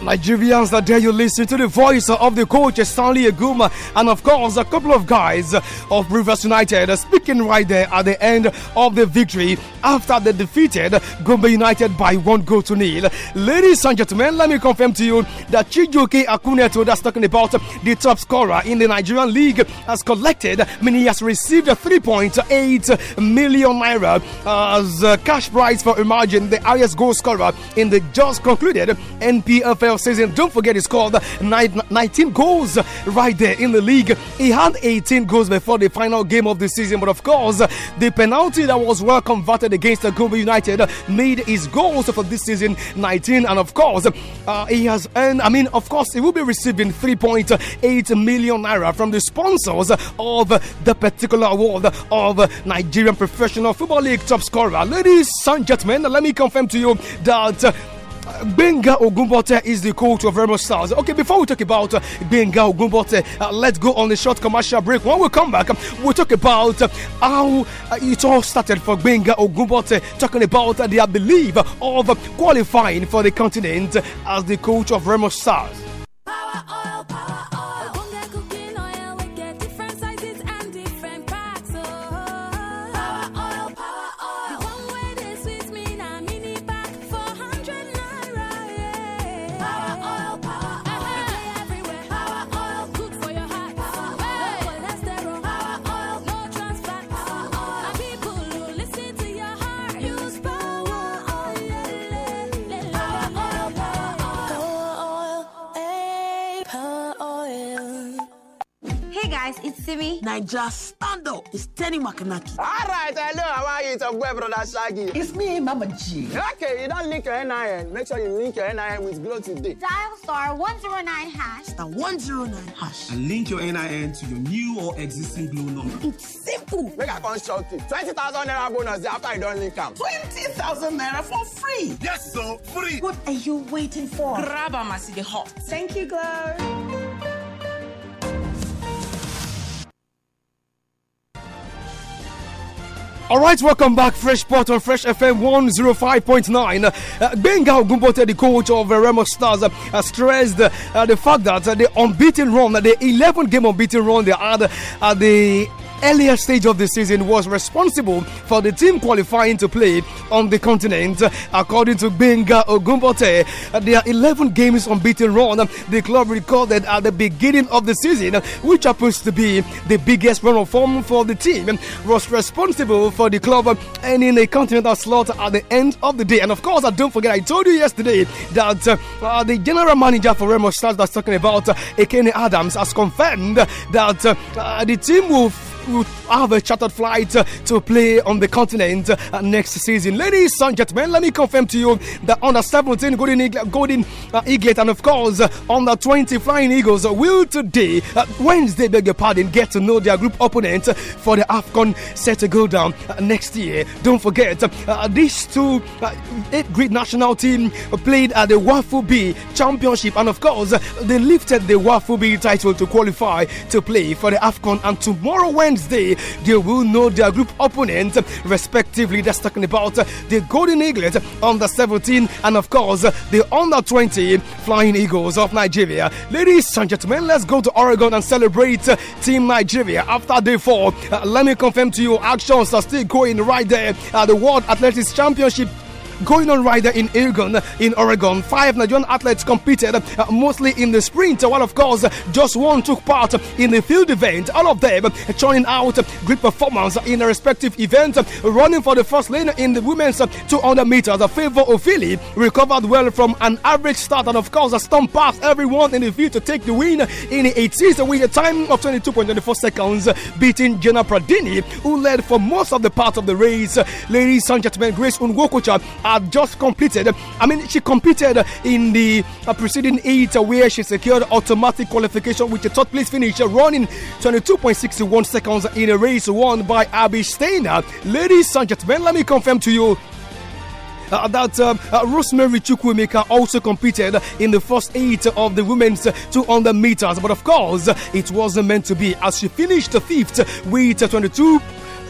Nigerians, that dare you listen to the voice of the coach Stanley Aguma and of course a couple of guys of Rivers United speaking right there at the end of the victory after they defeated Gombe United by one goal to nil. Ladies and gentlemen, let me confirm to you that Chijoke Akuneto that's talking about the top scorer in the Nigerian league has collected, I meaning he has received 3.8 million naira as cash prize for imagine the highest goal scorer in the just concluded NPFL himself season, don't forget he scored 19 goals right there in the league. He had 18 goals before the final game of the season, but of course, the penalty that was well converted against the United made his goals for this season 19, and of course, uh, he has earned, I mean, of course, he will be receiving 3.8 million naira from the sponsors of the particular award of Nigerian Professional Football League top scorer. Ladies and gentlemen, let me confirm to you that. Benga Ogunbote is the coach of Remo Stars. Okay, before we talk about uh, Benga Ogunbote, uh, let's go on a short commercial break. When we come back, we'll talk about uh, how uh, it all started for Benga Ogunbote, talking about uh, their belief of qualifying for the continent as the coach of Remo Stars. Power oil, power oil. guys, it's Simi. Niger stand up. It's Tenny Makanaki. All right, hello, how are you? It's your boy, brother Shaggy. It's me, Mama G. Okay, eh, you don't link your NIN. Make sure you link your NIN with Glow today. Dial star 109 hash. Star 109 hash. And link your NIN to your new or existing Glow number. It's simple. Make a construct 20,000 Naira bonus after you don't link them. 20,000 Naira for free. Yes, so free. What are you waiting for? Grab a Masidi hot. Thank you, Glow. All right, welcome back, Fresh Port on Fresh FM 105.9. Uh, Bengal Gumbote, the coach of uh, Remo Stars, uh, stressed uh, the fact that uh, the unbeaten run, uh, the 11 game unbeaten run they had uh, at the earlier stage of the season was responsible for the team qualifying to play on the continent. According to Benga Ogumbote, their 11 games unbeaten run the club recorded at the beginning of the season, which happens to be the biggest run of form for the team, was responsible for the club ending a continental slot at the end of the day. And of course, I don't forget, I told you yesterday that uh, the general manager for Remo Stars that's talking about uh, Ekene Adams has confirmed that uh, the team will will have a chartered flight uh, to play on the continent uh, next season. Ladies and gentlemen, let me confirm to you that under 17 Golden, Eag Golden Eagle uh, and of course under 20 Flying Eagles will today, Wednesday, beg your pardon, get to know their group opponent for the AFCON set to go down next year. Don't forget, these two grade great national team played at the Wafu B Championship and of course they lifted the Wafu B title to qualify to play for the AFCON and tomorrow Wednesday Wednesday, they will know their group opponents, respectively. That's talking about the Golden Eagles under 17 and, of course, the under 20 Flying Eagles of Nigeria. Ladies and gentlemen, let's go to Oregon and celebrate Team Nigeria after day four. Uh, let me confirm to you, actions are still going right there at the World Athletics Championship going on rider in Oregon, in Oregon. Five Nigerian athletes competed uh, mostly in the sprint, while of course just one took part in the field event. All of them churning out great performance in their respective events. Running for the first lane in the women's 200 meters, Favor Ofili recovered well from an average start and of course stomp past everyone in the field to take the win in the 80s with a time of 22.24 seconds, beating Jenna Pradini, who led for most of the part of the race. Ladies and gentlemen, Grace Unwokucha had just completed. I mean, she competed in the uh, preceding eight where she secured automatic qualification with a third place finish, running 22.61 seconds in a race won by Abby Steiner. Ladies and gentlemen, let me confirm to you uh, that uh, uh, Rosemary Chukwemeka also competed in the first eight of the women's 200 meters. But of course, it wasn't meant to be as she finished fifth with 22.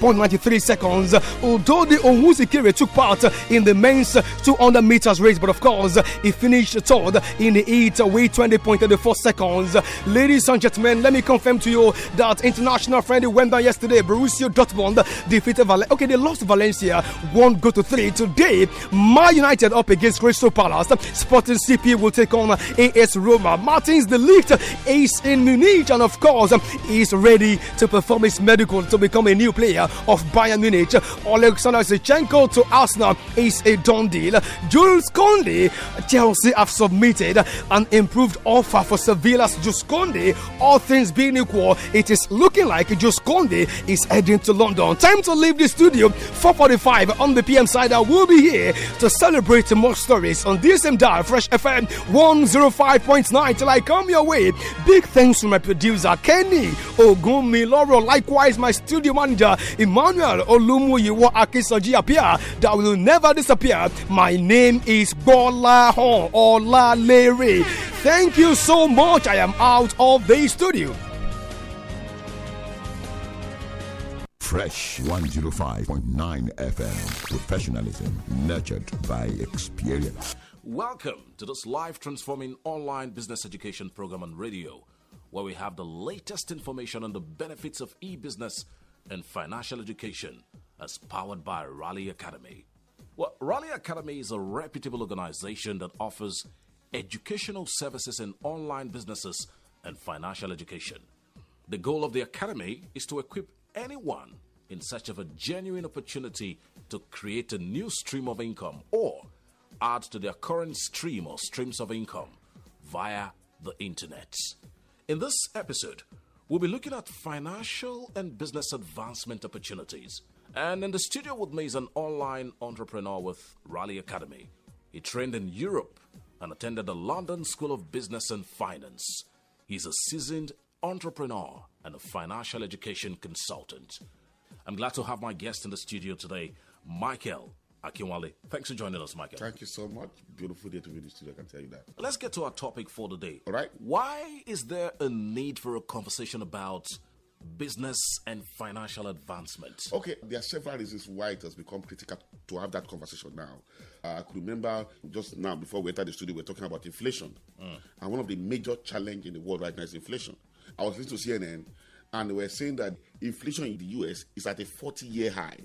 8.93 seconds. Although the Kiri took part in the men's 200 meters race, but of course, he finished third in the heat with 20.34 seconds. Ladies and gentlemen, let me confirm to you that international friendly went down yesterday. Borussia Dortmund defeated Valencia. Okay, they lost Valencia one go to three. Today, Man United up against Crystal Palace. Sporting CP will take on AS Roma. Martins, the leaked ace in Munich, and of course, is ready to perform his medical to become a new player of Bayern Munich. Alexander Zichenko to Arsenal is a done deal. Jules Conde, Chelsea have submitted an improved offer for Sevilla's Jules Conde. All things being equal, it is looking like Jules Conde is heading to London. Time to leave the studio. 4:45 on the PM side. I will be here to celebrate more stories on DSM Dial Fresh FM 105.9 till I come your way. Big thanks to my producer Kenny Ogumi Laurel. Likewise, my studio manager Emmanuel Olumuyiwa Akisoji appear that will never disappear. My name is Bola Hon Ola Lere. Thank you so much. I am out of the studio. Fresh 105.9 FM. Professionalism nurtured by experience. Welcome to this live transforming online business education program on radio, where we have the latest information on the benefits of e business and financial education as powered by Raleigh Academy. Well, Raleigh Academy is a reputable organization that offers educational services in online businesses and financial education. The goal of the Academy is to equip anyone in search of a genuine opportunity to create a new stream of income or add to their current stream or streams of income via the internet. In this episode, we'll be looking at financial and business advancement opportunities. And in the studio with me is an online entrepreneur with Raleigh Academy. He trained in Europe and attended the London School of Business and Finance. He's a seasoned entrepreneur and a financial education consultant. I'm glad to have my guest in the studio today, Michael Akinwale. Thanks for joining us, Michael. Thank you so much. Beautiful day to be in the studio, I can tell you that. Let's get to our topic for the day. All right. Why is there a need for a conversation about business and financial advancement? Okay, there are several reasons why it has become critical to have that conversation now. Uh, I could remember just now before we entered the studio, we are talking about inflation. Mm. And one of the major challenge in the world right now is inflation. I was listening to CNN and they were saying that inflation in the US is at a 40 year high.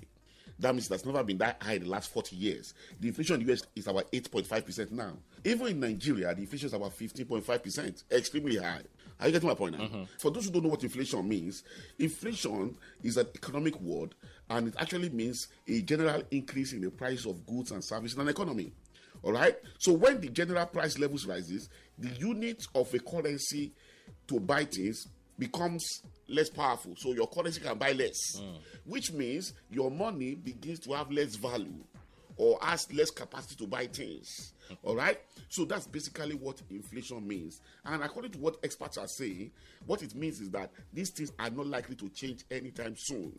That means it has never been that high in the last 40 years. The inflation in the US is about 8.5% now. Even in Nigeria, the inflation is about 15.5%, extremely high. Are you getting my point now? Mm-hmm. For those who don't know what inflation means, inflation is an economic word and it actually means a general increase in the price of goods and services in an economy. All right? So when the general price levels rises, the unit of a currency to buy things becomes less powerful. So your currency can buy less, mm. which means your money begins to have less value or has less capacity to buy things. Hmm. All right. So that's basically what inflation means. And according to what experts are saying, what it means is that these things are not likely to change anytime soon.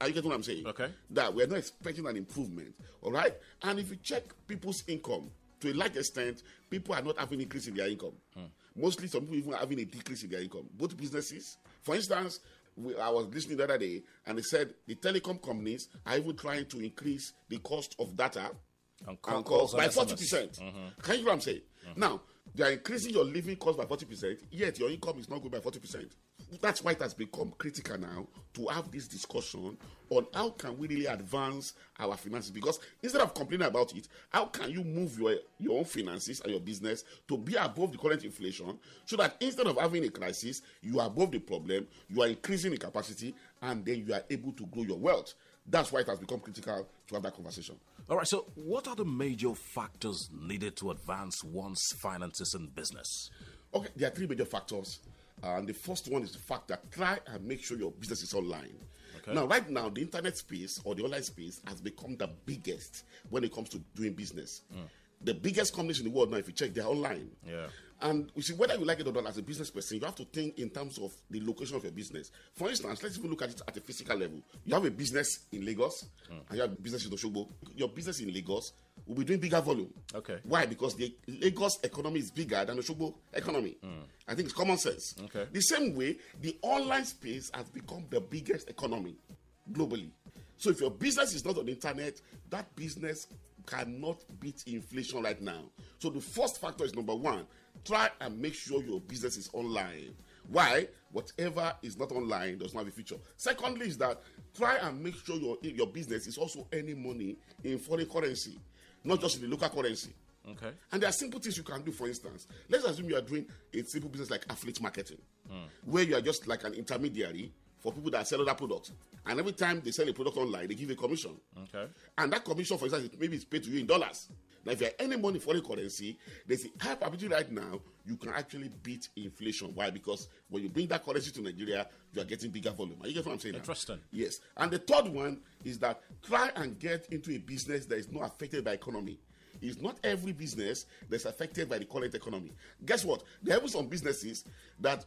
Are you getting what I'm saying? Okay. That we're not expecting an improvement. All right. And if you check people's income, to a large extent, people are not having increase in their income. Hmm. Mostly, some people even having a decrease in their income. Both businesses, for instance, we, I was listening the other day, and they said the telecom companies are even trying to increase the cost of data and, and calls by forty percent. Mm-hmm. Can you hear what I'm saying? Mm-hmm. Now, they are increasing your living cost by 40%, yet your income is not going by 40%. That's why it has become critical now to have this discussion on how can we really advance our finances. Because instead of complaining about it, how can you move your, your own finances and your business to be above the current inflation so that instead of having a crisis, you are above the problem, you are increasing the capacity, and then you are able to grow your wealth. That's why it has become critical to have that conversation. All right, so what are the major factors needed to advance one's finances and business? Okay, there are three major factors. Uh, and the first one is the fact that try and make sure your business is online. Okay. Now, right now, the internet space or the online space has become the biggest when it comes to doing business. Mm. The biggest companies in the world now, if you check, they're online. Yeah. And you see, whether you like it or not, as a business person, you have to think in terms of the location of your business. For instance, let's even look at it at a physical level. You have a business in Lagos, mm. and you have business in Oshogbo. Your business in Lagos will be doing bigger volume. Okay. Why? Because the Lagos economy is bigger than the Oshogbo economy. Mm. I think it's common sense. Okay. The same way, the online space has become the biggest economy globally. So if your business is not on the internet, that business cannot beat inflation right now. So the first factor is number one, Try and make sure your business is online. Why? Whatever is not online does not have a feature. Secondly, is that try and make sure your your business is also earning money in foreign currency, not just in the local currency. Okay. And there are simple things you can do. For instance, let's assume you are doing a simple business like affiliate marketing, mm. where you are just like an intermediary for people that sell other products. And every time they sell a product online, they give a commission. Okay. And that commission, for instance, maybe it's paid to you in dollars. Now, if you have any money foreign currency, there's a high probability right now you can actually beat inflation. Why? Because when you bring that currency to Nigeria, you are getting bigger volume. Are you get what I'm saying? Interesting. Now? Yes. And the third one is that try and get into a business that is not affected by economy. It's not every business that's affected by the current economy. Guess what? There are some businesses that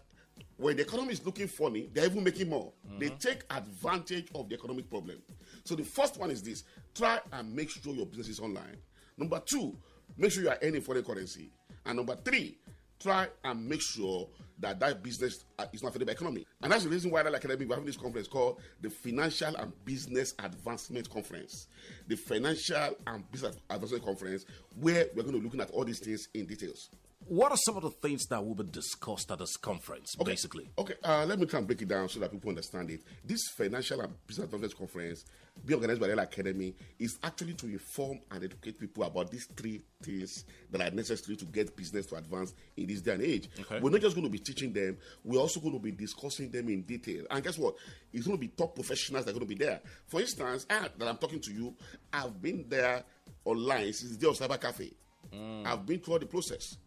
when the economy is looking funny, they're even making more. They mm-hmm. take advantage of the economic problem. So the first one is this: try and make sure your business is online. Number two, make sure you are earning foreign currency. And number three, try and make sure that that business uh, is not affected by economy. And that's the reason why Real Academy we're having this conference called the Financial and Business Advancement Conference. The Financial and Business Advancement Conference, where we're going to be looking at all these things in details. what are some of the things that will be discussed at this conference, okay. basically? Okay, uh, let me try and break it down so that people understand it. This financial and business advantage conference, be organized by the Academy, is actually to inform and educate people about these three things that are necessary to get business to advance in this day and age. Okay. We're not just going to be teaching them, we're also going to be discussing them in detail. And guess what? It's going to be top professionals that are going to be there. For instance, I, that I'm talking to you, I've been there online since the day of Cyber Cafe. Mm. I've been through all the process.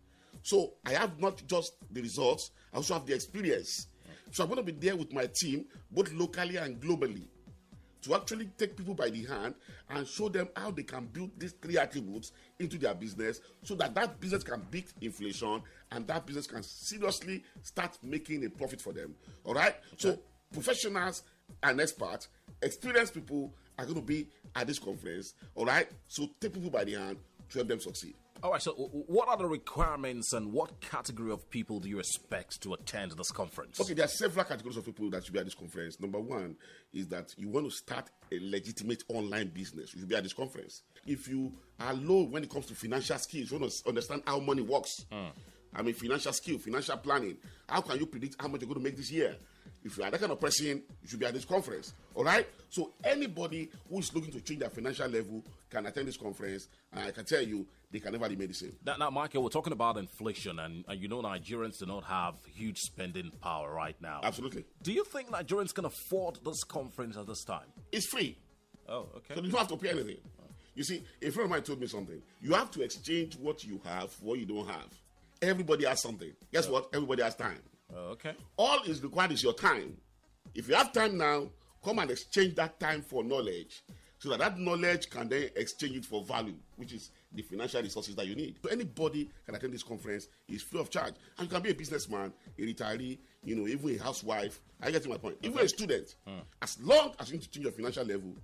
So I have not just the results, I also have the experience. So I'm going to be there with my team, both locally and globally, to actually take people by the hand and show them how they can build these three attributes into their business so that that business can beat inflation and that business can seriously start making a profit for them. All right? Okay. So professionals and experts, experienced people are going to be at this conference. All right? So take people by the hand, to help them succeed. All right, so what are the requirements and what category of people do you expect to attend this conference? Okay, there are several categories of people that should be at this conference. Number one is that you want to start a legitimate online business, you should be at this conference. If you are low when it comes to financial skills, you want to understand how money works. Mm. I mean, financial skill, financial planning. How can you predict how much you're going to make this year? If you are that kind of person, you should be at this conference. All right. So anybody who is looking to change their financial level can attend this conference, and I can tell you they can never remain the same. Now, now Michael, we're talking about inflation, and, and you know Nigerians do not have huge spending power right now. Absolutely. Do you think Nigerians can afford this conference at this time? It's free. Oh, okay. So you don't have to pay anything. You see, a friend of mine told me something. You have to exchange what you have for what you don't have. Everybody has something. Guess yeah. what? Everybody has time. Oh, okay. All is required is your time. If you have time now, come and exchange that time for knowledge so that that knowledge can then exchange it for value, which is the financial resources that you need. So anybody can attend this conference; it's free of charge, and you can be a businessman, a retiree, you know, even a housewife. I get my point. Even a student, hmm. as long as you need to change your financial level,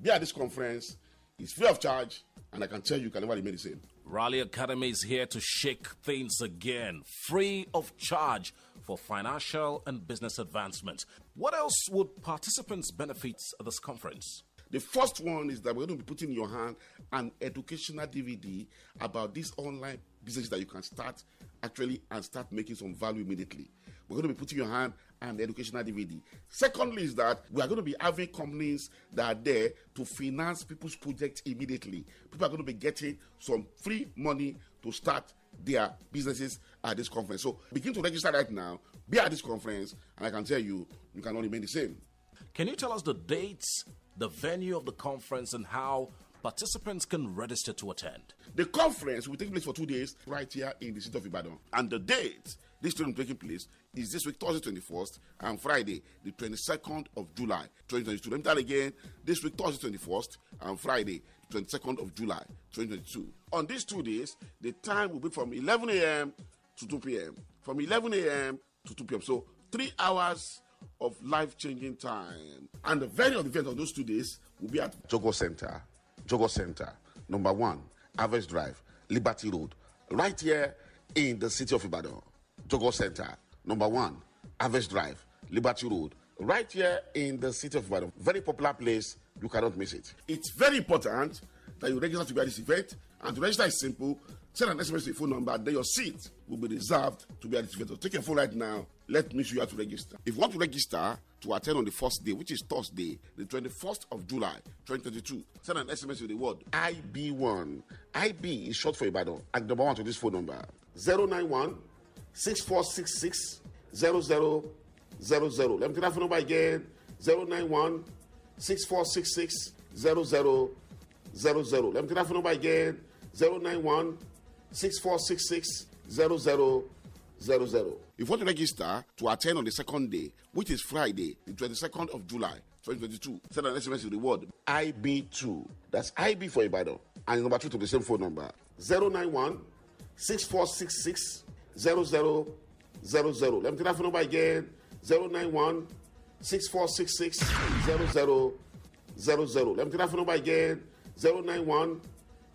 be at this conference. It's free of charge, and I can tell you, you can never remain the same. Raleigh Academy is here to shake things again, free of charge for financial and business advancement. What else would participants benefit at this conference? The first one is that we're going to be putting in your hand an educational DVD about this online business that you can start actually and start making some value immediately. We're going to be putting your hand an educational DVD. Secondly, is that we are going to be having companies that are there to finance people's projects immediately. People are going to be getting some free money to start their businesses at this conference. So begin to register right now, be at this conference, and I can tell you, you can only remain the same. Can you tell us the dates, the venue of the conference, and how participants can register to attend? The conference will take place for two days right here in the city of Ibadan. And the date this training taking place is this week, Thursday 21st, and Friday, the 22nd of July 2022. Let me tell again this week, Thursday 21st, and Friday, 22nd of July 2022. On these two days, the time will be from 11 a.m. to 2 p.m., from 11 a.m. to 2 p.m. So three hours of life changing time. And the venue of the event of those two days will be at Jogo Center, Jogo Center, number one, Average Drive, Liberty Road, right here in the city of Ibadan. Jogo Center, number one, Average Drive, Liberty Road, right here in the city of Ibadan. Very popular place, you cannot miss it. It's very important that you register to be at this event And to register is simple. Send an SMS to your phone number, then your seat will be reserved to be activated. Take your phone right now. Let me show you how to register. If you want to register to attend on the first day, which is Thursday, the 21st of July, 2022, send an SMS with the word IB1. IB is short for Ibadan. And number one to this phone number 091 6466 0000. Let me take that phone number again 091 6466 0000. Let me take that phone number again 091 6466 0000. If you want to register to attend on the second day, which is Friday, the 22nd of July 2022, send an SMS to the word IB2. That's IB for Ibadan. And number two to the same phone number 091 6466 0000. Let me take that phone number again 091 6466 0000. Let me take that phone number again Zero nine one.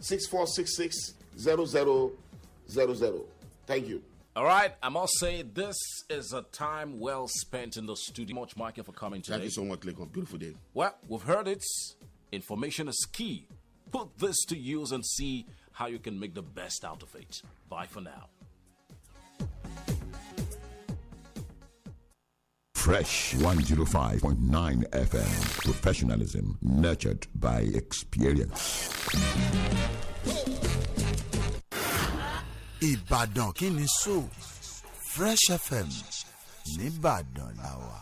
6466 0000. Thank you. All right, I must say this is a time well spent in the studio. Much, Michael, for coming today. Thank you so much, Lincoln. Beautiful day. Well, we've heard it. Information is key. Put this to use and see how you can make the best out of it. Bye for now. Fresh 105.9 FM. Professionalism nurtured by experience. Ìbàdàn kini so. Fresh FM nìbàdàn làwà.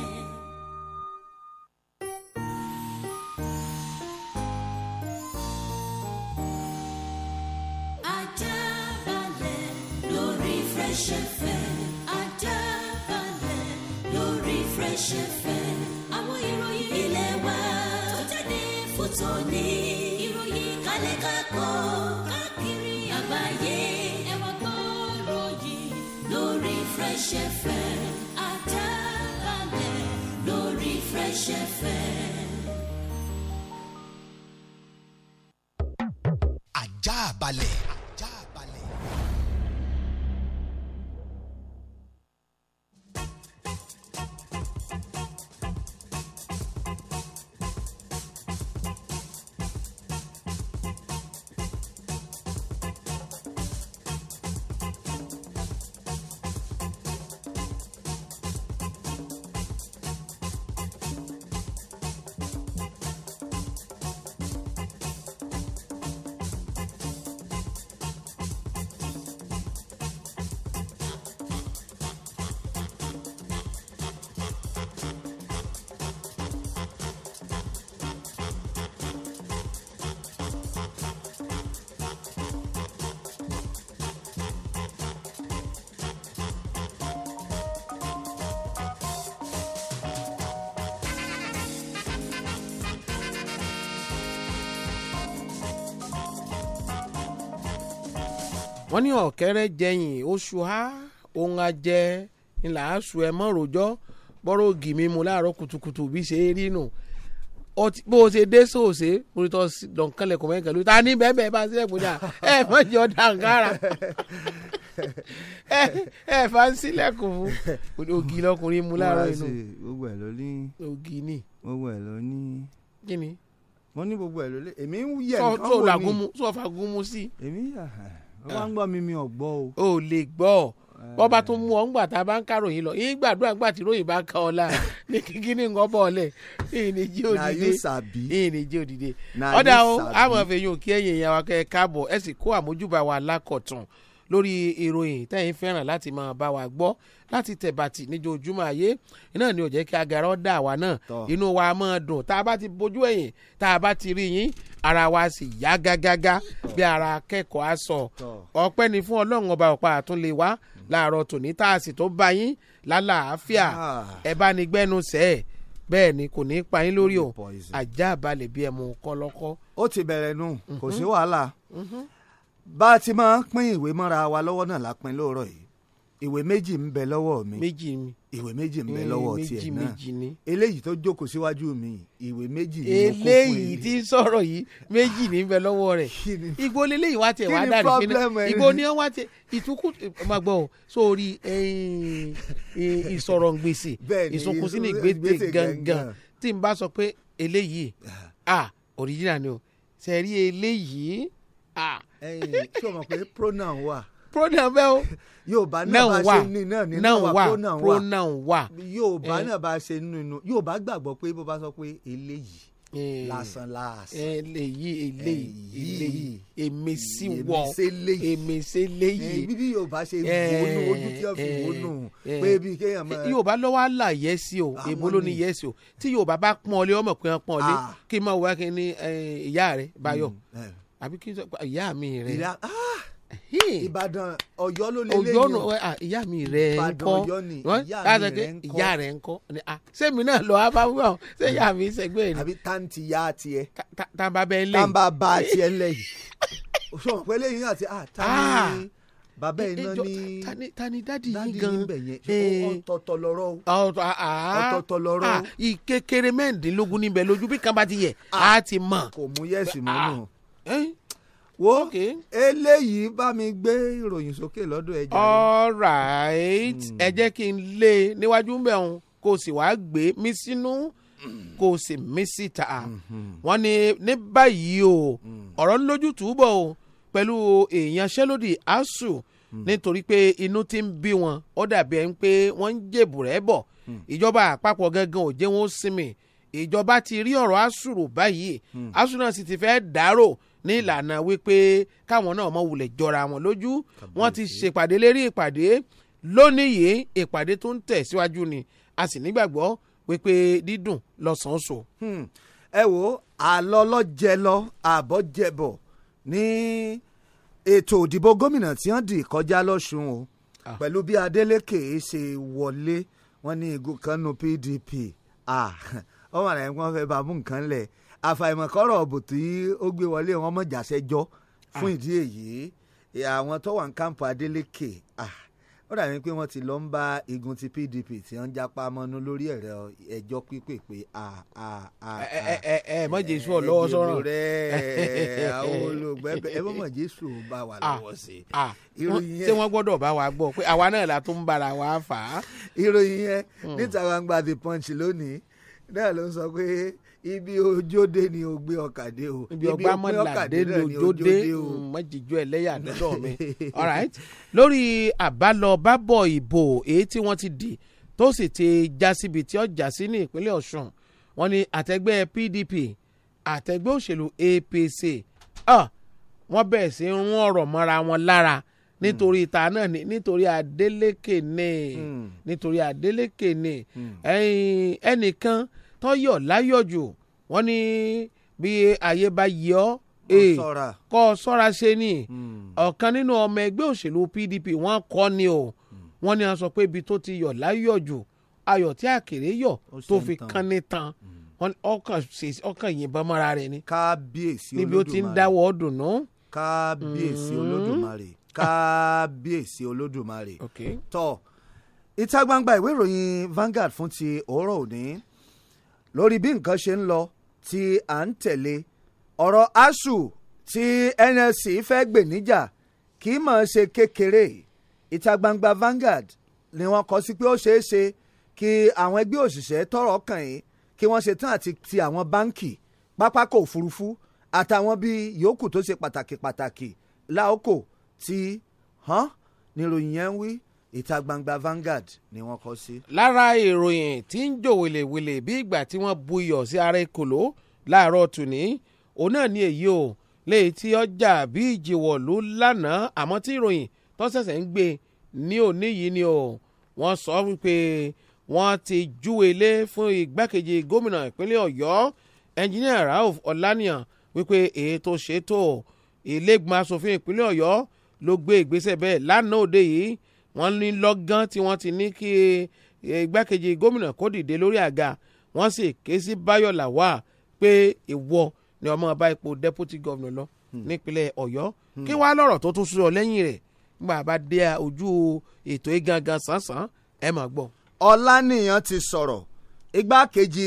fresh fm àtàbàlẹ̀ lórí fresh fm. àjà balẹ̀. wọ́n ní ọ̀kẹ́rẹ́ jẹyìn oṣù ha òun ajẹ ńlá aṣù ẹ mọ́ rojọ́ bọ́rọ̀ ògì mímu láàárọ̀ kùtùkùtù bí ṣe rí nù bó o ṣe dé sóòṣe mórítọ́ dọ̀nkánlẹ̀ kọ̀mọ́ ẹ̀kẹ́ ló ta ní bẹ́ẹ̀ bá sílẹ̀ kọjá ẹ mọ̀ jẹ́ ọ̀dà ńkára ẹ fà ń sílẹ̀kùn fún ògì lọkùnrin mu láàárọ̀ inú. gbogbo ẹ̀ ló ní. ògì ni. gbogbo ẹ̀ ló ní. kí ni. mo ní gbogbo ẹ̀ ló lé èmi ń yẹ nǹkan wò ni. sọ fàgùn sí. èmi yà á ó wá ń gbọ́ mi mi ò gbọ́ o. o lè gbọ́ ọ eh. bọ́ba tó mú ọ ńgbà tá a bá ń káròyìn lọ yín gbàdúrà ńgbà tí ròyìn bá ń ka ọ la <laughs> ní kíkí ní nǹkan bọ̀ ọ̀lẹ̀ ìní jí òdìdé ìní jí òdìdé ọ̀dà o àmọ̀ fèyàn kí ẹ̀yìn ìyàwó akẹ́ káàbọ̀ ẹ̀ sì kó àmójúbà wa lákọ̀tún lórí ìròyìn tẹ́yìn fẹ́ràn láti máa bá wa gbọ́ láti tẹ̀bàtì níjojúmọ́ ayé iná ni ò jẹ́ kí agara ọ̀dà wa náà inú wa máa dùn tá a bá ti bójú ẹ̀yìn tá a bá ti rí yín ara wa sì yá gágágá bí ara akẹ́kọ̀ọ́ á sọ ọpẹ́ ni fún ọlọ́run ọba ọ̀pá àtúnlé wa láàárọ̀ tòní tá a sì tó bá yín lálàáfíà ah. ẹ bá ní gbẹ́nu sẹ́ẹ̀ bẹ́ẹ̀ ni kò ní í pa yín lórí o ajá balẹ̀ bí ẹmu kọ́lọ́kọ́. ó ti bẹ̀rẹ̀ nù kò sí mhm. wàhálà mhm. bá a ti máa pín ìwé mọ́ra wa lọ́wọ́ náà la lóòrọ̀ yìí ìwé méjì ń bẹ lọ́wọ́ mi méjì mi ìwé méjì ń bẹ lọ́wọ́ tiẹ̀ náà eléyìí tó jókòó síwájú mi ìwé méjì ni mo kó fún eléyìí eléyìí tí ń sọ̀rọ̀ yìí méjì ní bẹ lọ́wọ́ rẹ̀ <laughs> igbó leléyìí wá tiẹ̀ wá dàrí fínà igbó ni wọ́n wá tiẹ̀ ìtúkù má gbọ́ ọ sórí ìsọ̀rọ̀ gbèsè ìsunkun sínú ìgbésẹ̀ gangan tí n bá sọ pé eléyìí ah original ni o sẹ́rí eléyìí ah. ṣé o mọ̀ pé pronoun wà pronoun bẹ́ẹ̀ o. yorùbá náà bá ṣe nínú náà nínú wa pronoun wa. yorùbá eh. náà bá ṣe nínú yorùbá gbàgbọ́ pé bó bá sọ pé eléyìí eh. lásán lásán. eléyìí eléyìí eléyìí èmi sí wọ èmi sí léyìí. Eh, bí bí yorùbá ṣe wọnú ojú tí wọn fi wọnú pé bí kéèyàn máa. yorùbá ló wá là yẹ́sì o èbó ló ní yẹ́sì o tí yorùbá bá pọ́n ọ lé ọmọ pé wọ́n pọ́n ọ lé ah. kí n máa wá kí ni ìyá rẹ̀ báyọ̀ mm, àbí kí n sọ ìyá mi rẹ̀. Hmm. ìbàdàn ọ̀yọ́ ló lè léyìn ọ̀yọ́ nù ìyá mi rẹ ń kọ ìyá rẹ ń kọ sẹmi náà lọ abáwọ ṣé ìyá mi sẹgbẹ ni. àbí tanti ya tiẹ. tàǹbà bẹ lẹ́yìn tàǹbà bá tiẹ lẹ́yìn sọ pé lẹ́yìn àti tani bàbá iná ní tani dádì yìí gan ọ̀tọ̀ọ̀tọ̀ lọ́rọ̀ ọ̀tọ̀ọ̀tọ̀ lọ́rọ̀. ìkékeré mẹ́rìndínlógún níbẹ̀ lójú bí kan bá ti yẹ á ti mọ̀. kò mú yẹ̀sì mú nù wo eléyìí bá mi gbé ìròyìn sókè lọ́dọ̀ ẹ jàre. all right hmm. ẹ jẹ́ kí n lé e níwájú mẹ́rin kó o sì wáá gbé mi sínú kó sì mí síta hmm. wọ́n ní ní báyìí o hmm. ọ̀rọ̀ lójú túbọ̀ o pẹ̀lú ìyanṣẹ́lódì asuu nítorí pé inú ti ń bí wọn ó dàbí ẹni pé wọ́n ń jèbù rẹ̀ bọ̀ ìjọba àpapọ̀ gangan ò jẹ́ wọn sinmi ìjọba ti rí ọ̀rọ̀ asuu rò báyìí asuu náà sì ti fẹ́ dárò ní ìlànà wípé káwọn náà mọ wulẹ̀ jọra wọn lójú wọn ti ṣèpàdé lérí ìpàdé lónìí yìí ìpàdé tó ń tẹ̀ síwájú ni a sì nígbàgbọ́ wípé dídùn lọ́sàn-án so. Hmm. ẹ wo àlọ́ lọ́jẹ lọ àbọ̀ jẹbọ̀ ní ètò òdìbò gómìnà tí wọ́n dì kọjá lọ́sùn o ah. pẹ̀lú bí Adeleke ṣe wọlé wọn ní igun kan nu PDP ọmọ rẹ̀ wọ́n fẹ́ bá mú nǹkan lẹ̀ àfàìmọ̀kọ́rọ̀ ọ̀bù tí ó gbé wọlé wọn mọ̀ jàṣẹjọ́ fún ah. ìdí èyí àwọn tó wà ní kámpù Adeleke ah, ó dàbí pé wọ́n ti lọ ń bá igun ti PDP tí wọ́n ń japa mọ́nú lórí ẹ̀rọ ẹjọ́ pípé pé a a a. ẹ ẹ ẹ mọ Jésù ọlọwọ sọ̀rọ̀ <laughs> ẹ ẹ àwọn olùgbẹ ẹ mọ mọ Jésù bá wa ah, lọ́wọ́ sí i. ìròyìn yẹn ṣé wọ́n gbọ́dọ̀ bá wa gbọ́ pé àwa náà la tún ń bára wa fà á. ìròyìn yẹn hmm. níta gbangba The Punch lónìí náà ló ń sọ pé ibi ojóde ni o gbé ọkà dé o ibi ọgbà ni ojóde mọ́jìjọ ẹlẹ́yà lọ́dọ̀ mi <laughs> all right lórí àbálọbábọ̀ ìbò èyí tí wọ́n ti dì tó sì ti já síbi tí ó já sí ní ìpínlẹ̀ Ọ̀ṣun wọ́n ní àtẹgbẹ́ PDP àtẹgbẹ́ òṣèlú APC wọ́n bẹ̀rẹ̀ sí rún ọ̀rọ̀ mọ́ra wọn lára nítorí hmm. ìta náà ni nítorí Adeleke ni hmm. nítorí Adeleke ni hmm. ẹnìkan. Mm tọ́yọ̀ láyọ̀ jù wọ́n ní bí ayé bá yẹ ọ́ kọ́ ọ sọ́ra ṣe ni hmm. ọ̀kan nínú ọmọ ẹgbẹ́ òṣèlú PDP wọ́n kọ́ ni o hmm. wọ́n ní a sọ pé ibi tó ti yọ̀ láyọ̀ jù ayọ̀ tí àkèré yọ̀ tó fi kan ní tan hmm. ọkàn yìnbọn mọ́ra rẹ̀ ni kábíyèsí olódùmarè níbi ó ti ń dáwọ́ dùnú. kábíyèsí olódùmarè kábíyèsí olódùmarè tọ́ ìta gbangba ìwé ìròyìn Vanguard fún ti òórọ̀ òní lórí bí nǹkan ṣe ń lọ tí à ń tẹ̀lé ọ̀rọ̀ asuu tí NLC fẹ́ gbè níjà kì í mọ̀ ọ́n ṣe kékeré ìta gbangba Vanguard ni wọ́n kọ sí pé ó ṣeé ṣe kí àwọn ẹgbẹ́ òṣìṣẹ́ tọrọ kàn yín kí wọ́n ṣe tán àti ti àwọn báǹkì pápákọ̀ òfurufú àtàwọn bíi yòókù tó ṣe pàtàkì pàtàkì láòkò tí hàn yẹn ń wí ìta gbangba Vanguard ni wọ́n kọ sí. lára ìròyìn tí ń jò wèlewèle bí ìgbà tí wọ́n bu iyọ̀ sí ara ekòló láàárọ̀ tòní òun náà ni èyí o léyìí tí ọjà bí ìjìwọ̀lú lánàá àmọ́ tí ìròyìn tó ṣẹ̀ṣẹ̀ ń gbé ní òní yìí ni o wọ́n sọ wípé wọ́n ti júwe lé fún igbákejì gómìnà ìpínlẹ̀ ọ̀yọ́ ẹnjìníà Rauf Ọláníyàn wípé ètò ṣètò ìlẹ́gbọ̀n asòfin ìpínlẹ̀ ọ̀yọ́ ló gbé ìgbésẹ̀ bẹ́ẹ̀ lánàá òde yìí wọ́n ní lọ́gán tí wọ́n ti ní kí eh, igbákejì gómìnà kó dìde lórí àga wọ́n sì ké sí Báyọ̀ làwà pé ìwọ ni ọmọ ọba ipò deputy governor lọ hmm. nípínlẹ̀ Ọ̀yọ́ hmm. kí wàá lọ́rọ̀ tó tún sọ lẹ́yìn rẹ̀ nígbà bá dé ojú ètò igangan sánsan ẹ mà gbọ́. Ọláníyàn ti sọ̀rọ̀ igbákejì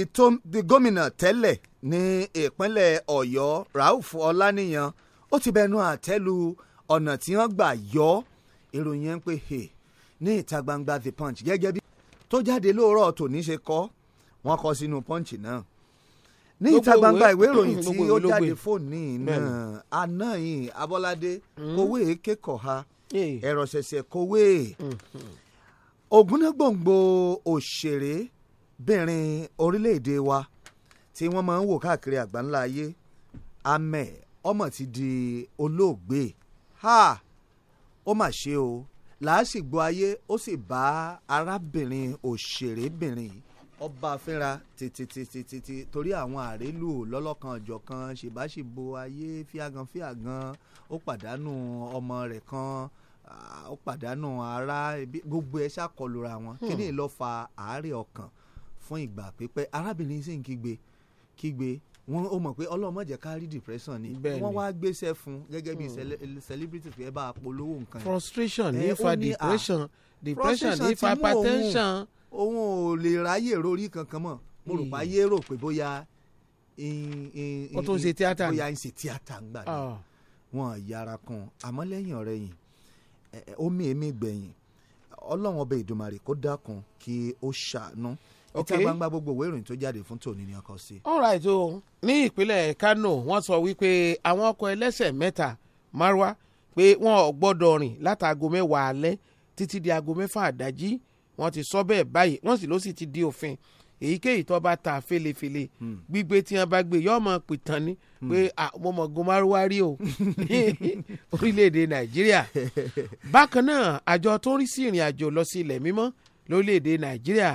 gómìnà tẹ́lẹ̀ ní ìpínlẹ̀ Ọ̀yọ́ Rauf Ọláníyàn ó ti bẹnu àtẹ́lu ọ̀nà tí wọ́n gbà yọ ìròyìn pé hey ní ìta gbangba the punch gẹ́gẹ́ bí tó jáde lóòrọ̀ tòní ṣe kọ́ wọ́n kọ sínú punch náà ní ìta gbangba ìwé ìròyìn <coughs> tí ó jáde fóònù náà àná yìí abọ́ládé hmm? kòwé kékọ̀ọ́ ha ẹ̀rọ ṣẹ̀ṣẹ̀ kòwé hmm. ògúnnágbòǹgbò òṣèré bìnrin orílẹ̀-èdè wa tí wọ́n máa ń wò káàkiri àgbáńlá ayé amẹ́ ọmọ ti di olóògbé ha ó mà ṣe o làásìgbò ayé ó sì bá arábìnrin òṣèrébìnrin ọba fínra tìtìtìtìtì torí àwọn àrélù lọ́lọ́kan ọ̀jọ̀kan ṣèbáṣìbo ayé fíaganfíagan ó pàdánù ọmọ rẹ̀ kan ah, ó pàdánù ara gbogbo ẹ̀ ṣàkọlùra wọn hmm. kí ni ìlọ́fà àárẹ̀ ọkàn fún ìgbà pípẹ́ arábìnrin sì ń kígbe kígbe wọn ò mọ̀ pé ọlọ́mọ jẹ́ ká depression ni wọ́n wá gbéṣẹ́ fún gẹ́gẹ́ bí hmm. celebrity fẹ́ bá a polówó nǹkan. frustration ah, ní fa depression depression ní fa hypertension. òun ò lè ráyè rori kankan mọ̀ mo rò pa hmm. yé rò pé bóyá ó tún ṣe tíátà bóyá ń ṣe tíátà ń gbà ní ah. wọn yára kan àmọ́ lẹ́yìn ọ̀rẹ́ yìí omi èmi gbẹ̀yìn ọlọ́run ọba ìdùmarè kó dákun kí ó ṣàánú. No? ìta gbangba gbogbo ìwé ìròyìn tó jáde fún tòní ni ọkọ sí. all right o ní ìpínlẹ̀ Kano wọ́n sọ wípé àwọn ọkọ̀ ẹlẹ́sẹ̀ mẹ́ta marwa pé wọn ò gbọ́dọ̀ rìn látàgo mẹ́wàá alẹ́ títí di aago mẹ́fà àdájí wọ́n ti sọ bẹ́ẹ̀ báyìí wọ́n sì ló sì ti di òfin èyíkéyìí tó bá ta felefele hmm. gbígbé tí wọn bá gbé yọọ mọ pìtàn ni hmm. pé mo mọ gomaruwa rí o ní <laughs> orílẹ̀-èdè nàìjíríà bákan náà àjọ tó ń rí sí ìrìn àjò lọ sí ilẹ̀ mímọ́ lórílẹ̀-èdè nàìjíríà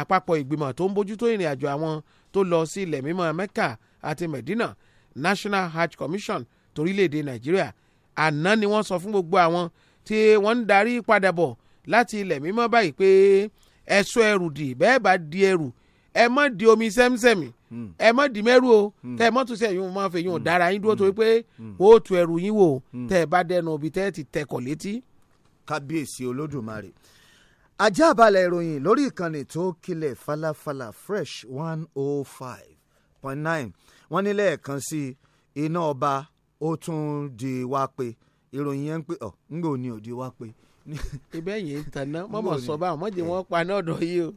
àpapọ̀ ìgbìmọ̀ tó ń bójútó ìrìn àjò àwọn tó lọ sí ilẹ̀ mímọ́ mẹ́kà àti medina national hajj commission torílẹ̀-èdè nàìjíríà àná ni wọ́n sọ fún gbogbo àwọn tí wọ́n ń darí padà bọ̀ láti ilẹ̀ mímọ́ báyìí pé ẹ sọ ẹrù dì bẹ́ẹ̀ bá di ẹrù ẹ mọ́ di omi sẹ́mísẹ́mì hmm. ẹ mọ́ di mẹ́rù o hmm. tẹ́ ẹ mọ́ tún sí ẹ̀yìn mọ́ hmm. fi yún dára yín dúró torí pé ó tu ẹrù yín wò tẹ́ ẹ bá dẹnu ibi tẹ́ ẹ ti tẹkọ̀ létí. kábíyèsí olódùmarè ajá balẹ̀ ìròyìn lórí ìkànnì tó kilẹ̀ falafala fresh one oh five point nine wọ́n ní lẹ́ẹ̀kan sí iná ọba ó tún di wá pé ìròyìn yẹn ń pè ọ́ ńgbò ni ò di wá pé. ibẹ̀ yìí ń tanná <laughs> sọ bá báwọn mọ́jì wọn pa náà dọ̀ yìí o.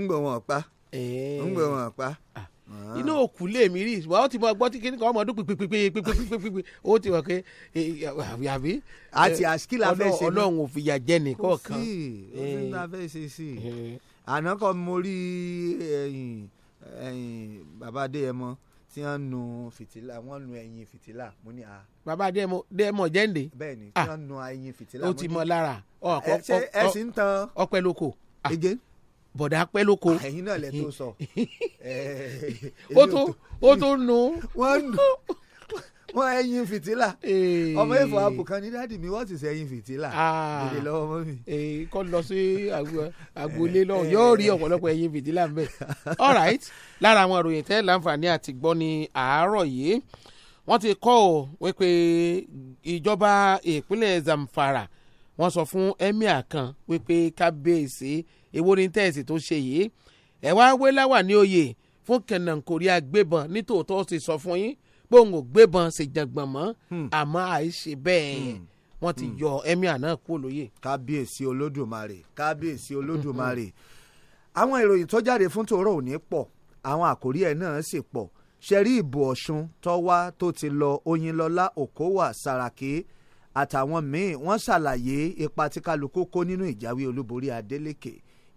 ńgbò wọn pa ńgbò wọn pa. inú òkú lè mí rí wàá ti mọ gbọ́ tí kíní kan ọmọ ọdún pípípípípípípípípípí ó ti wọ̀ pé àbí. àti àṣìkìlà fẹ́ ṣe ọlọ́run ò fìyà jẹ nìkan kan. kò sí ọlọ́run fẹ́ ṣe sí i àná kan mo rí bàbá adéyẹmọ tí wọ́n nu fìtílà wọ́n nu ẹ̀yìn fìtílà mo ní a. bàbá adéyẹmọ déyẹmọ jẹ́ǹde. bẹ́ẹ̀ni tí wọ́n nu ẹ̀yìn fìtílà. ó ti mọ lára. ẹ ṣe ẹ sì ń lóko. again bọ̀dá pẹ́ lóko. Ah, ẹ̀yin náà lẹ tó sọ. <laughs> Eh, ó tó ó tó nu. wọ́n nu wọ́n ẹyin fìtílà eh. ọmọ ìfọ̀ àbùkán ní dáàdì mi wọ́n ti sẹ́ ẹyin fìtílà ah. èdè lọ́wọ́ mọ́ mi. Eh, kọ́ lọ sí agboolé náà yóò rí ọ̀pọ̀lọpọ̀ ẹyin fìtílà ń all right lára àwọn ìròyìn tẹ́ láǹfààní àti gbọ́ ní àárọ̀ yìí wọ́n ti kọ́ ọ wípé ìjọba ìpínlẹ̀ Zamfara wọ́n sọ fún emir kan wípé kábíyèsí èwo ni tẹ́ẹ̀sì tó ṣe yìí ẹ̀ wá wé láwà ní oyè fún kẹ̀nàkórí agbébọn nítòótọ́ ti sọ fún yín gbóhùn ògbébọn ṣèjàngbọ̀n mọ́ hmm. àmọ́ àìṣe bẹ́ẹ̀ hmm. wọ́n ti hmm. yọ emir náà kúrò lóyè. kábíyèsí olódùmarè kábíyèsí olódùmarè àwọn ìròyìn tó jáde fún tòró òní pọ̀ àwọn àkórí ẹ̀ náà sì pọ̀ ṣẹ̀rí ìbò ọ̀ṣun tọ́wá tó ti lọ oyinlọ́lá òkówà sàràkí àtàwọn míín wọ́n ṣàlàyé ipa tí kálukú kó nínú ìjáwé olúborí adeleke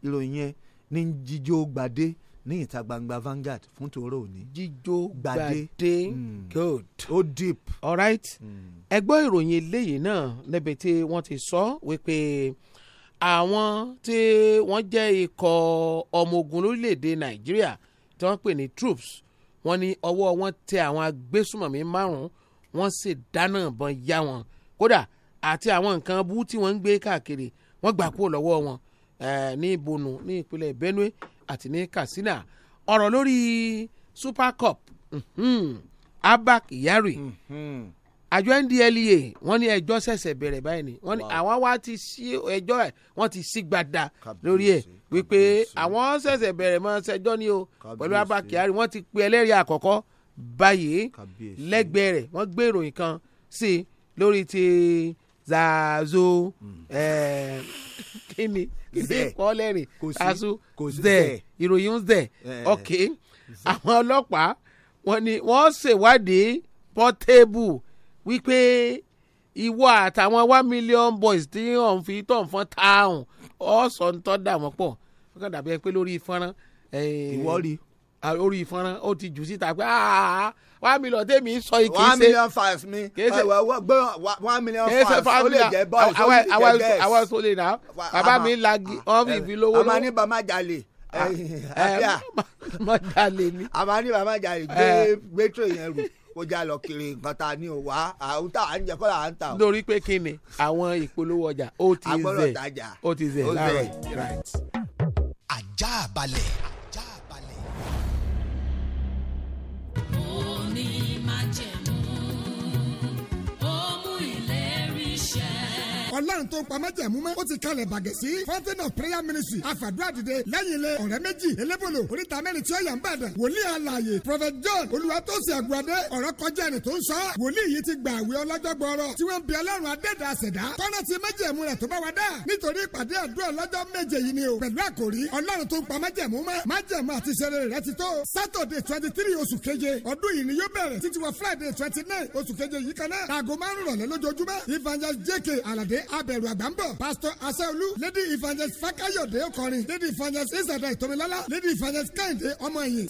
ìròyìn yẹn ní jíjó gbadé ní ìta gbangba Vanguard fún tòró òní. jíjó gbadé hmm. good. ó deep. alright hmm. ẹ gbọ́ ìròyìn eléyìí náà níbi tí wọ́n ti sọ wípé àwọn tí wọ́n jẹ́ ikọ̀ ọmọ ogun lórílẹ̀‐èdè Nàìjíríà tí wọ́n pè ní troops wọ́n ní ọwọ́ wọn tẹ àwọn agbésùmọ̀mí márùn-ún wọ́n sì dáná ìbọn yá wọn kódà àti àwọn nǹkan bú tí wọ́n ń gbé káàkiri wọ́n gbà kúrò lọ́wọ́ wọn Eh, ní Bonu ní ìpínlẹ̀ Benue àti ní Katsina ọ̀rọ̀ lórí Super Cup mm-hmm. Abba Kyari mm-hmm. àjọ NDLEA wọ́n ní ẹjọ́ ṣẹ̀ṣẹ̀ bẹ̀rẹ̀ báyìí ni wọ́n ní àwọn wá ti sí ẹjọ́ ẹ̀ wọ́n ti sí gbada lórí ẹ̀ wípé àwọn ṣẹ̀ṣẹ̀ bẹ̀rẹ̀ mọ́ ṣẹjọ́ ni o pẹ̀lú Abba Kyari wọ́n ti pe ẹlẹ́rìí àkọ́kọ́ báyìí lẹ́gbẹ̀ẹ́ rẹ̀ wọ́n gbé ìròyìn kan sí lórí ti. Si, zazo hmm. eh, kíni kíni kọ́ lẹ́rìn azu zẹ̀ ìròyìn zẹ̀ eh. ok àwọn ọlọ́pàá wọ́n ní wọ́n ṣèwádìí pọ́tébù wípé ìwọ àtàwọn one million boys tí wọ́n fi tọ̀n fọ́n táwọn ọ̀sọ̀ ń tọ́ dà wọ́n pọ̀ wọ́n kàn dàbí ẹ pé lórí fọ́nrán. Eh, ìwọ rí. lórí fọ́nrán ó ti jù síta pé aaa one million tèmi sọ yìí kì ṣe. one million five mi gbé one million five ó lè jẹ boys ó lè jẹ girls. àwa sọ lè nà bàbá mi lagi ọ́n fi fi lówó. àmà ní bàmá jalè <laughs> má jalè ni. àmà ní bàmá jalè gbé gbé tó yẹn rù kó já lọ kiri nǹkan ta ni o wa àwọn tá à ń jẹ kọ́lá à ń ta o. nítorí pé kí ni àwọn ìpolówó ọjà ó ti zè ó ti zè láàárọ̀ yìí. ajá balẹ̀. ọlọ́run tó ń pa májẹ̀mú mọ́ ó ti kalẹ̀ bàgẹ́ sí fountain of prayer ministry àfàdúrà dìde lẹ́yìn ilé ọ̀rẹ́ méjì elébòlò oríta mẹ́rin tí ó yà ń bàdàn wòlíì alààyè prophet john olùwàtòsí àgùràdé ọ̀rọ̀ kọjá ẹni tó ń sọ wòlíì yìí ti gba àwẹ̀ ọlọ́jọ́ gbọ́ọ̀rọ̀ tí wọ́n bi ọlọ́run adẹ́dà àṣẹ̀dá kọ́nà ti májẹ̀mú rẹ̀ tó bá wa dá nítorí ìpàdé àdúrà ọlọ́jọ́ méje yìí ni o pẹ̀lú àkòrí ọlọ́run tó ń pa májẹ̀mú mọ́ májẹ̀mú àti ìṣẹ̀lẹ̀ rẹ̀ ti tó sátọ̀dẹ̀ twenty three oṣù keje ọdún yìí ni yóò bẹ̀rẹ̀ títí wọ friday twenty nine oṣù keje yìí kan náà aago márùn-ún rọ̀lẹ́ lójoojúmọ́ evangelist jk alade abẹ̀rù àgbà pastor asẹ́olú lady evangelist fakayode okọrin lady evangelist isada ìtòmilọ́lá lady evangelist kẹ́hìndé ọmọ ẹ̀yìn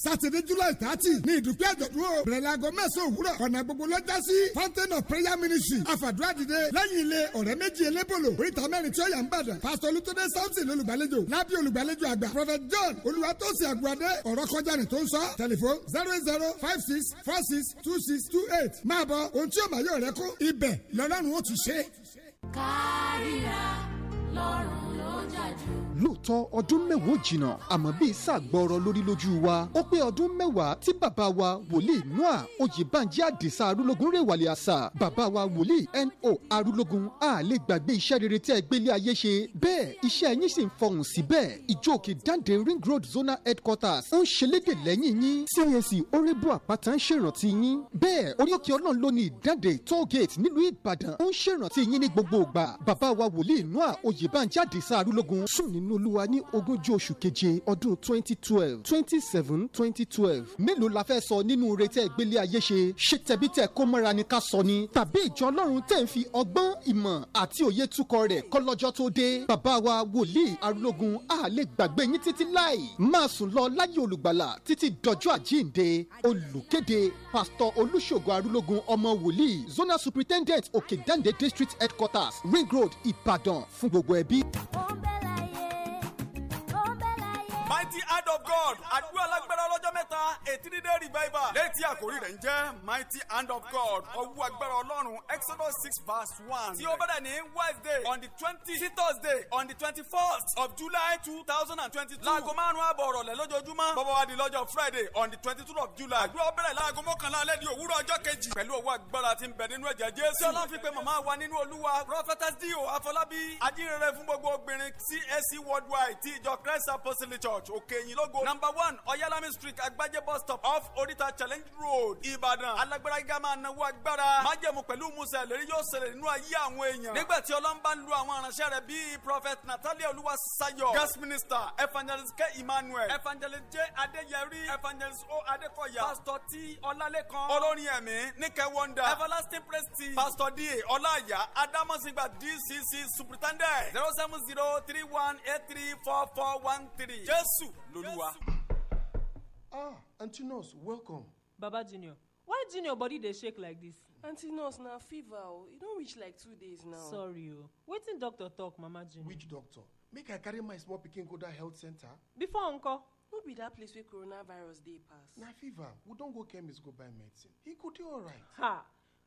july thirty ní ìdúpẹ́ àjọ̀dún o bẹ̀rẹ̀ láago mẹ́sàn-án òwúrọ̀ ọ̀nà gbogbo ló já sí fountain of prayer ministry àfàdúrà dìde lẹ́yìn ilé ọ̀rẹ́ méjì elébòlò oríta mẹ́rin tí ó yà ń bàdàn pastor olùtọ́dẹ samson olùgbàlejò lábí olùgbàlejò àgbà prophet john olùwàtòsí àgùadé ọ̀rọ̀ kọjá ni tó ń sọ Telephone zero eight zero five six four six two six two eight máa bọ̀ ohun tí ó máa yọ̀ rẹ́ kó ibẹ̀ lọ́lọ́run káríra lọ́rùn ló jà jù lóòótọ́ ọdún mẹ́wàá jìnnà àmọ́ bíi sàgbọ́rọ̀ lórí lójú wa ó pé ọdún mẹ́wàá tí bàbá wa wòlíì noah oyèbánjí àdìsá arúlógún rèwàlẹ̀ àṣà bàbá wa wòlíì no arúlógún a lè gbàgbé iṣẹ́ rere tí ẹ gbélé ayé ṣe bẹ́ẹ̀ iṣẹ́ yín sì ń fọhùn síbẹ̀ ìjókè dáǹdè ring road zona headquarters ń ṣẹlẹ́dẹ̀ lẹ́yìn yín cac orébù àpáta ń ṣèrántí yín bẹ́ẹ̀ orí òkè ọlọ́run gate nílùú ìbàdàn ń ṣèrántí yín ní gbogbo ìgbà bàbá wa wòlíì noah oyèbánjí àdìsá arúlógún olúwa ní ogúnjọ́ oṣù keje ọdún twenty twelve twenty seven twenty twelve mélòó la fẹ́ sọ nínú retí ẹ̀gbélé ayé ṣe ṣe tẹ̀bí tẹ̀ kó mọ́ra ni ká sọ ni tàbí ìjọ ọlọ́run tẹ̀ ń fi ọgbọ́n ìmọ̀ àti òye tukọ̀ rẹ̀ kọ́ lọ́jọ́ tó dé bàbá wa wòlíì arúlógún a lè gbàgbé yín títí láì máa sùn lọ láyé olùgbàlà títí dọjọ́ àjíǹde olùkéde pásítọ̀ olùṣògo arúlógún ọmọ wòlíì zonal superintendent òkè dande district headquarters ring road ìbàdàn fún gbogbo ẹbí mighty hand of God àdúrà lágbára ọlọ́jọ́ mẹ́ta eighteen day revival létí àkórí rẹ̀ ń jẹ́ mighty hand of God ọwọ́ agbára ọlọ́run exodus six verse one tí ó bẹ̀rẹ̀ ní wednesday on the twenty sí thursday on the twenty first of july two thousand and twenty two láago márùn-ún àbọ̀ ọ̀rọ̀lẹ́ lójoojúmọ́ bọ́bá wa di lọ́jọ́ friday on the twenty two of july àdúrà bẹ̀rẹ̀ láago mọ́kànlá alẹ́ ní òwúrọ̀ ọjọ́ kejì pẹ̀lú ọwọ́ agbára tí ń bẹ nínú ẹ̀jẹ̀ jésù. tí ọlọ́run fi pe màmá wa nínú olúwa prophetess dio afọlábí ajínrere fún gbogbo obìnrin csc worldwide ti ìjọ christ apostolic church church òkèyìn lógo number one ọ̀yálàmí street agbájé bus stop off oríta challenge road Ibadan. alágbára gíga máa nawó agbára májẹ̀mú pẹ̀lú musa ìlérí yóò ṣẹlẹ̀ nínú ayé àwọn èèyàn nígbà tí ọlọ́mbà ń lu àwọn aránṣẹ́ rẹ̀ bíi prophet natalia olúwaṣayọ guest minister evangelist k emmanuel evangelist j adéyẹrí evangelist o Adekoya. pastor t ọlálẹ́kan olórin ẹ̀mí níkẹ́ wonder everlasting praise team pastor d ọláyà adámọ̀sígbà dcc superintendent zero seven zero three one eight three four four one three. Jésù lolúwa. ah aunty nurse welcome. baba junior why junior body dey shake like this. aunty nurse na fever o e don reach like two days now. sorry o wetin doctor talk mama junior. which doctor make i carry my small pikin go that health center. before uncle. no be that place wey coronavirus dey pass. na fever we don go chemist go buy medicine he go dey alright. ha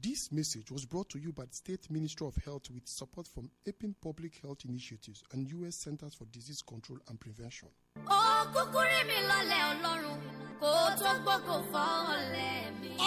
This message was brought to you by the State Ministry of Health with support from APIN e Public Health Initiatives and U.S. Centers for Disease Control and Prevention.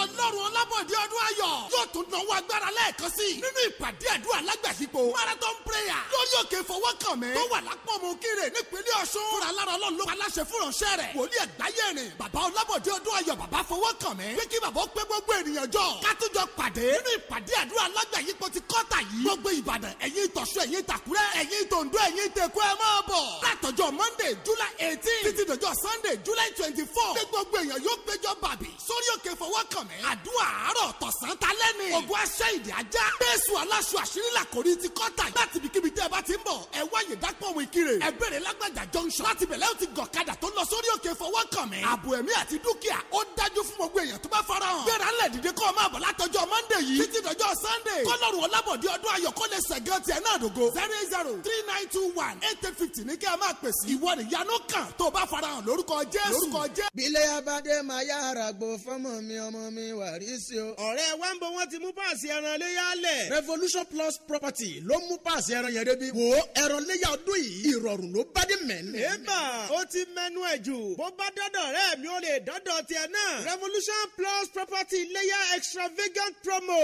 Ọlọ́run Ọlábọ̀dé ọdún ayọ̀ yóò tún náwó agbára lẹ́ẹ̀kan sí i nínú ìpàdé àdúrà lágbàsípò marathon prayer lórí òkè ìfọwọ́kàn mi tó wà lápọ̀mù kíre nípínlẹ̀ ọ̀ṣun fúnra lára ọlọ́run ló paláṣẹ fúnránṣẹ́ rẹ̀ wòlíì àgbáyé rìn bàbá ọlábọ̀dé ọdún ayọ̀ bàbá fọwọ́kàn mi pé kí bàbá ó pé gbogbo ènìyàn jọ kátújọ pàdé nínú ìpàdé àdúrà lágbàyípo ti kọ́tà yìí gbogbo ìbàdàn ẹ̀yin ìtọ̀ṣọ́ ẹ̀yin ìtàkùrẹ́ ẹ̀yin ìtòǹdó ẹ̀yin ìtẹ̀kọ́ ẹ máa bọ̀ látọjọ́ monday july eighteen títí dọjọ́ sunday july twenty four gbogbo èèyàn yóò péjọ bàbí sórí òkè fọwọ́kàn mi àdúrà àárọ̀ tọ̀sán talẹ́ni mi. ògùn aṣẹ́ ìdí ajá. jésù aláṣọ àṣírí làkòrí ti kọ́tà yìí. láti ibikíbi tẹ́ ẹ bá ti ń bọ̀ ẹ wáyé dápọ̀ ohun ìkirè. ẹ bẹ̀rẹ̀ lágbàjà junction. láti bẹ̀lẹ́ o ti gọ̀kadà tó lọ sórí òkè fọwọ́ kàn mí. ẹ̀mí àti dúkìá ó dájú fún gbogbo èèyàn tó bá fara hàn. gbéra ńlẹ̀ dìde kọ́ máa bọ̀ látọjọ́ monday yìí. títí dọjọ́ sunday. kọ́lọ́rù ọlábọ̀dé ọdún ayọ̀ kó lè sẹ̀gẹ́ tiẹ̀ náà dògo. zero zero three nine two one eight eight fifty ní kí a máa pèsè. ìwọ nìyanu kan fara hàn lórúkọ jésù. lórúkọ jésù. bílẹ̀ abadé máa yára mi ọmọ mi wà rí sí o. ọ̀rẹ́ ti mú páàsì ẹran léyà lẹ̀. revolution plus property ló mú páàsì ẹran yẹn débi. wo ẹran léyà ọdún yìí ìrọ̀rùn ló bá dé mẹ́nu. èèmà ó ti mẹ́nu ẹ̀ jù bó bá dọ́dọ̀ rẹ̀ mi ò lè dọ́dọ̀ tiẹ̀ náà. revolution plus property léyà extravagant promo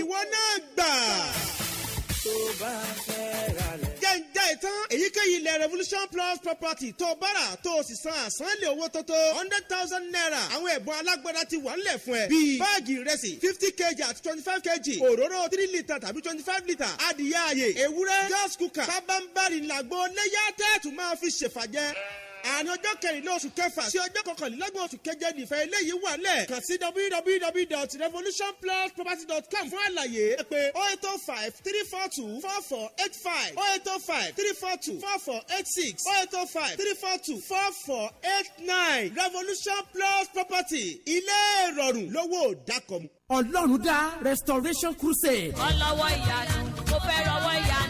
ìwọ náà gbà tó bá fẹ́ ra lẹ̀. jẹ́njẹ́ ìtàn èyíkéyìí ilẹ̀ revolution plus property tó bára tó o sì san àsánlẹ̀ owó tó tó hundred thousand naira àwọn ẹ̀bùn alágbára ti wà ńlẹ̀ fún ẹ bíi báàgì ìrẹsì fifty kg àti twenty five kg òróró three litre tàbí twenty five litre adìyẹ ààyè ewúrẹ́ gas cooker sábàǹbarì làgbo léyà tẹ́ẹ̀tù máa fi ṣèfàjẹ́ àárín ọjọ́ kẹrìnlá oṣù kẹfà sí ọjọ́ kọkànlélọ́gbọ̀n oṣù keje nìfẹ́ eléyìí wà lẹ̀ kàn sí www.revolutionplusproperty.com fún àlàyé ẹ pé oh eight oh five three four two four four eight five oh eight oh five three four two four four eight six oh eight oh five three four two four four eight nine revolution plus property ilé ìrọ̀rùn lówó dákọ̀mù. ọlọ́run dá restoration crusade. ọlọ́wọ́ ìyanu mo fẹ́ rọwọ́ ìyanu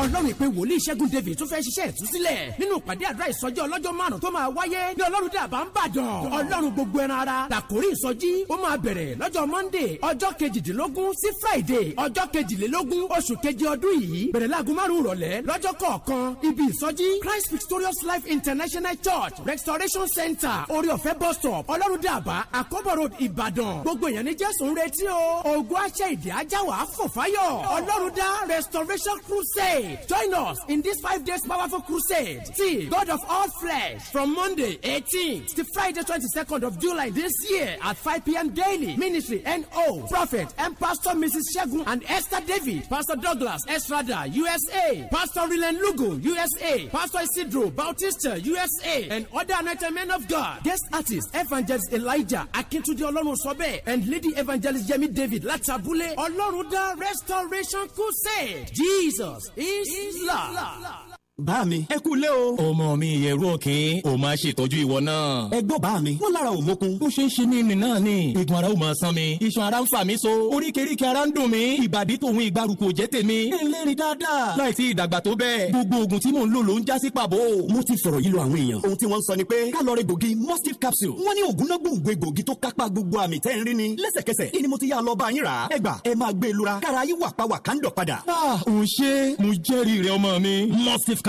ọlọ́run ìpè wòlíì ṣẹ́gun david tún fẹ́ ṣiṣẹ́ ìtúsílẹ̀ nínú ìpàdé àdúrà ìsọjí ọlọ́jọ́ márùn tó máa wáyé ní ọlọ́run dàbà ń bàdàn ọlọ́run gbogbo ẹran ara làkórí ìsọjí ó máa bẹ̀rẹ̀ lọ́jọ́ monday ọjọ́ kejìdínlógún sí friday ọjọ́ kejìlélógún oṣù keje ọdún yìí bẹ̀rẹ̀ láago márùn rọ̀lẹ́ lọ́jọ́ kọ̀ọ̀kan ibi ìsọjí christ victorious life international church restoration center orí ọ̀fẹ́ bus stop ọlọ́run dàbà àkọ́bọ̀ road ìbàdàn gbogbo èèyàn ní jésù ń retí o ògo àṣẹ ìdí ajáwà fòfáyọ̀ ọlọ́run dá restoration crusade Join us in this five days powerful crusade. See, God of all flesh, from Monday 18th to Friday 22nd of July this year at 5 p.m. daily. Ministry N.O. Prophet and Pastor Mrs. Shagun and Esther David. Pastor Douglas Estrada, USA. Pastor Rilen Lugo, USA. Pastor Isidro Bautista, USA. And other anointed men of God. Guest artists Evangelist Elijah Akintuji Ọlọ́run Sọ́bẹ̀ and Lady Evangelist Yemi David Latabule Ọlọ́run Dá Restoration Crusade. Jesus is. 伊斯兰。bá mi. ẹ kú lé o. ọmọ mi ìyẹ̀rú òkín o máa ṣètọ́jú ìwọ náà. ẹ gbọ́ bá mi. wọ́n lára ò mókun. ó ṣe ń ṣe ní ìrìn náà ni. eegun ara ò máa san mi. iṣan ara ń fà mí so. oríkèéríkèé ara ń dùn mí. ìbàdí tòun ìgbàrúkọ jẹ́ tèmi. ẹlẹ́rìí dáadáa. láì sí ìdàgbà tó bẹ́ẹ̀. gbogbo oògùn tí mò ń lò ló ń já pàbó. mo ti fọ̀rọ̀ yìí lọ àwọn èèyàn. ohun tí wọ́n sọ ni pé kálọ̀rì capsule. wọ́n ní oògùn náà gbòǹgbò egbòogi tó ni. lẹ́sẹ̀kẹsẹ̀ kí ni mo ti yá lọ e lura. kára yín wà pa ah òun ṣe mo jẹ́rìí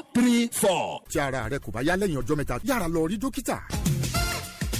three four. tí ara rẹ kò bá yá lẹ́yìn ọjọ́ mẹ́ta yára lọ rí dókítà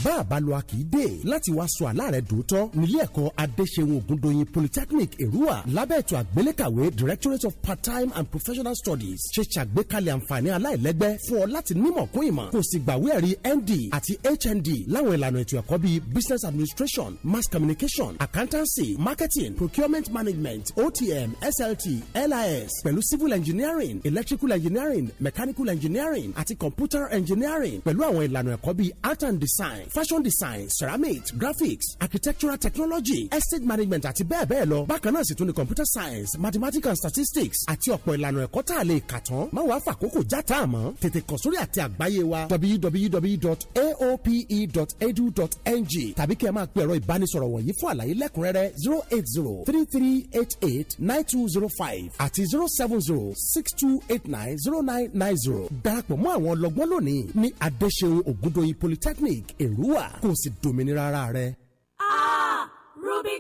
bá a bá lo akíde láti wá sọ àlá rẹ dòótọ́ nílé ẹ̀kọ́ adéṣeun ògùndóyin polytechnic èrúwà lábẹ́ ètò àgbélékàwé directorate of part-time and professional studies ṣe ṣàgbékalẹ̀ àǹfààní aláìlẹ́gbẹ́ fún ọ láti nímọ̀ kún ìmọ̀ kò sì gbàwé ẹ̀rí nd àti hnd láwọn ìlànà ètò ẹ̀kọ́ bíi business administration mass communication accountancy marketing procurement management otm slt lis pẹ̀lú civil engineering electrical engineering mechanical engineering àti computer engineering pẹ̀lú àwọn ìlànà ẹ̀kọ́ bíi art and design fashion design ceramics graphics architectural technology estate management àti bẹ́ẹ̀ bẹ́ẹ̀ lọ bákan náà sì tún ní computer science mathematics and statistics àti ọ̀pọ̀ ìlànà ẹ̀kọ́ tá a lè kà tán má wàá fàkókò já tá tètè kàn sórí àti àgbáyé wa www.aope.edu.ng tàbí kí ẹ máa pe ẹ̀rọ ìbánisọ̀rọ̀ wọ̀nyí fún àlàyé lẹ́kùnrẹ́rẹ́ zero eight zero three three eight eight nine two zero five àti zero seven zero six two eight nine zero nine nine zero darapọ̀ mọ́ àwọn ọlọ́gbọ́n lónìí ní Adéṣeun Ògúndòyìn Polytechnic èrò wà kó sì dòmìnira ara rẹ. Ah, Robin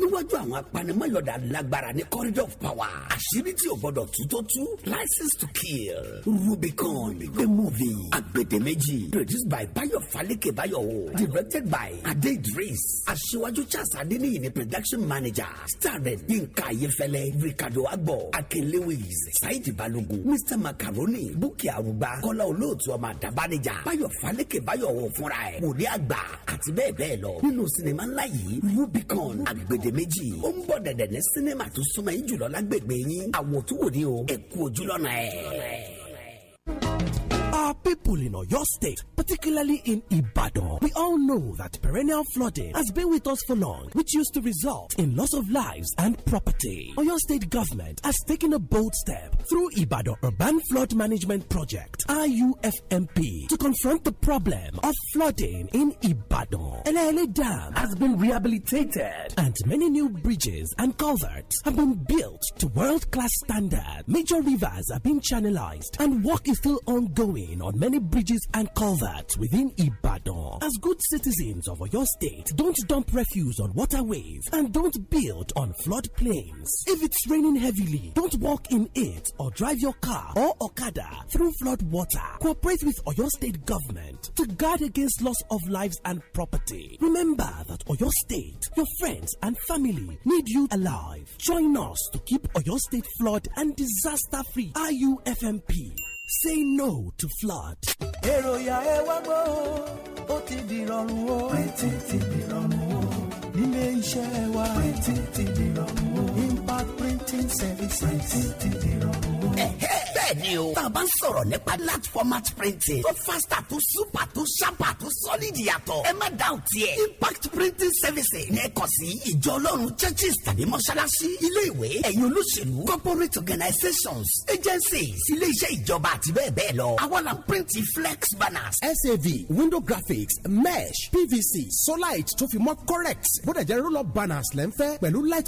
níwájú àwọn apanimọ́yọ̀dà lágbára ní corridor of power àṣírí tí o gbọdọ̀ tú tó tú license to kill rubicon the movie agbèdémèjì produced by bayo falike bayo directed by ade idris aṣíwájú charles adeniyi ni production manager starred yinka ayefẹlẹ ricardo agbo akin lewis saidi balogun mr macaroni bukki arugba kọlá olóòtú ọmọ àdàbánijà bayo falike bayo wò fúnra ẹ̀ wòlíì àgbà àti bẹ́ẹ̀ bẹ́ẹ̀ lọ nínú sinimá ńlá yìí rubicon agbèdémèjì orílẹ̀-èdè méjì ó ń bọ̀ dẹ̀dẹ̀ ní sinimá tó súnmọ́ yín jùlọ lágbègbè yín àwòtúwò ni o ẹ kú ẹ̀. people in Oyo State, particularly in Ibadan. We all know that perennial flooding has been with us for long, which used to result in loss of lives and property. Oyo State government has taken a bold step through Ibadan Urban Flood Management Project (IUFMP) to confront the problem of flooding in Ibadan. Elele Dam has been rehabilitated, and many new bridges and culverts have been built to world-class standard. Major rivers have been channelized, and work is still ongoing on many bridges and culverts within Ibadan. As good citizens of your state, don't dump refuse on waterways and don't build on floodplains. If it's raining heavily, don't walk in it or drive your car or Okada through flood water. Cooperate with Oyo State government to guard against loss of lives and property. Remember that Oyo State, your friends and family need you alive. Join us to keep Oyo State flood and disaster free. IUFMP. Say no to flood. èròyà ẹ wá gbọ́ o ó ti di ìrọ̀rùn o. pẹ́ẹ́tì ti di ìrọ̀rùn o. nílé iṣẹ́ wa ti di o. impact printing services pẹ́ẹ́tì ti di o bẹ́ẹ̀ni o tá a bá ń sọ̀rọ̀ nípa large format printing tó faster tó super tó sharper tó solid yàtọ̀ ẹ má dá òtí ẹ̀ impact printing services ní ẹ̀kọ́ sí ìjọ ọlọ́run churches tàbí mọ́ṣáláṣí ilé ìwé ẹ̀yin olóṣèlú corporate organizations agencies ilé iṣẹ́ ìjọba àti bẹ́ẹ̀ bẹ́ẹ̀ lọ àwa la ń flex banners. sav window graphics mesh pvc solar light tó fi mọ́ correct bó dẹ̀ jẹ́ roll up banners lẹ́ ń fẹ́ pẹ̀lú light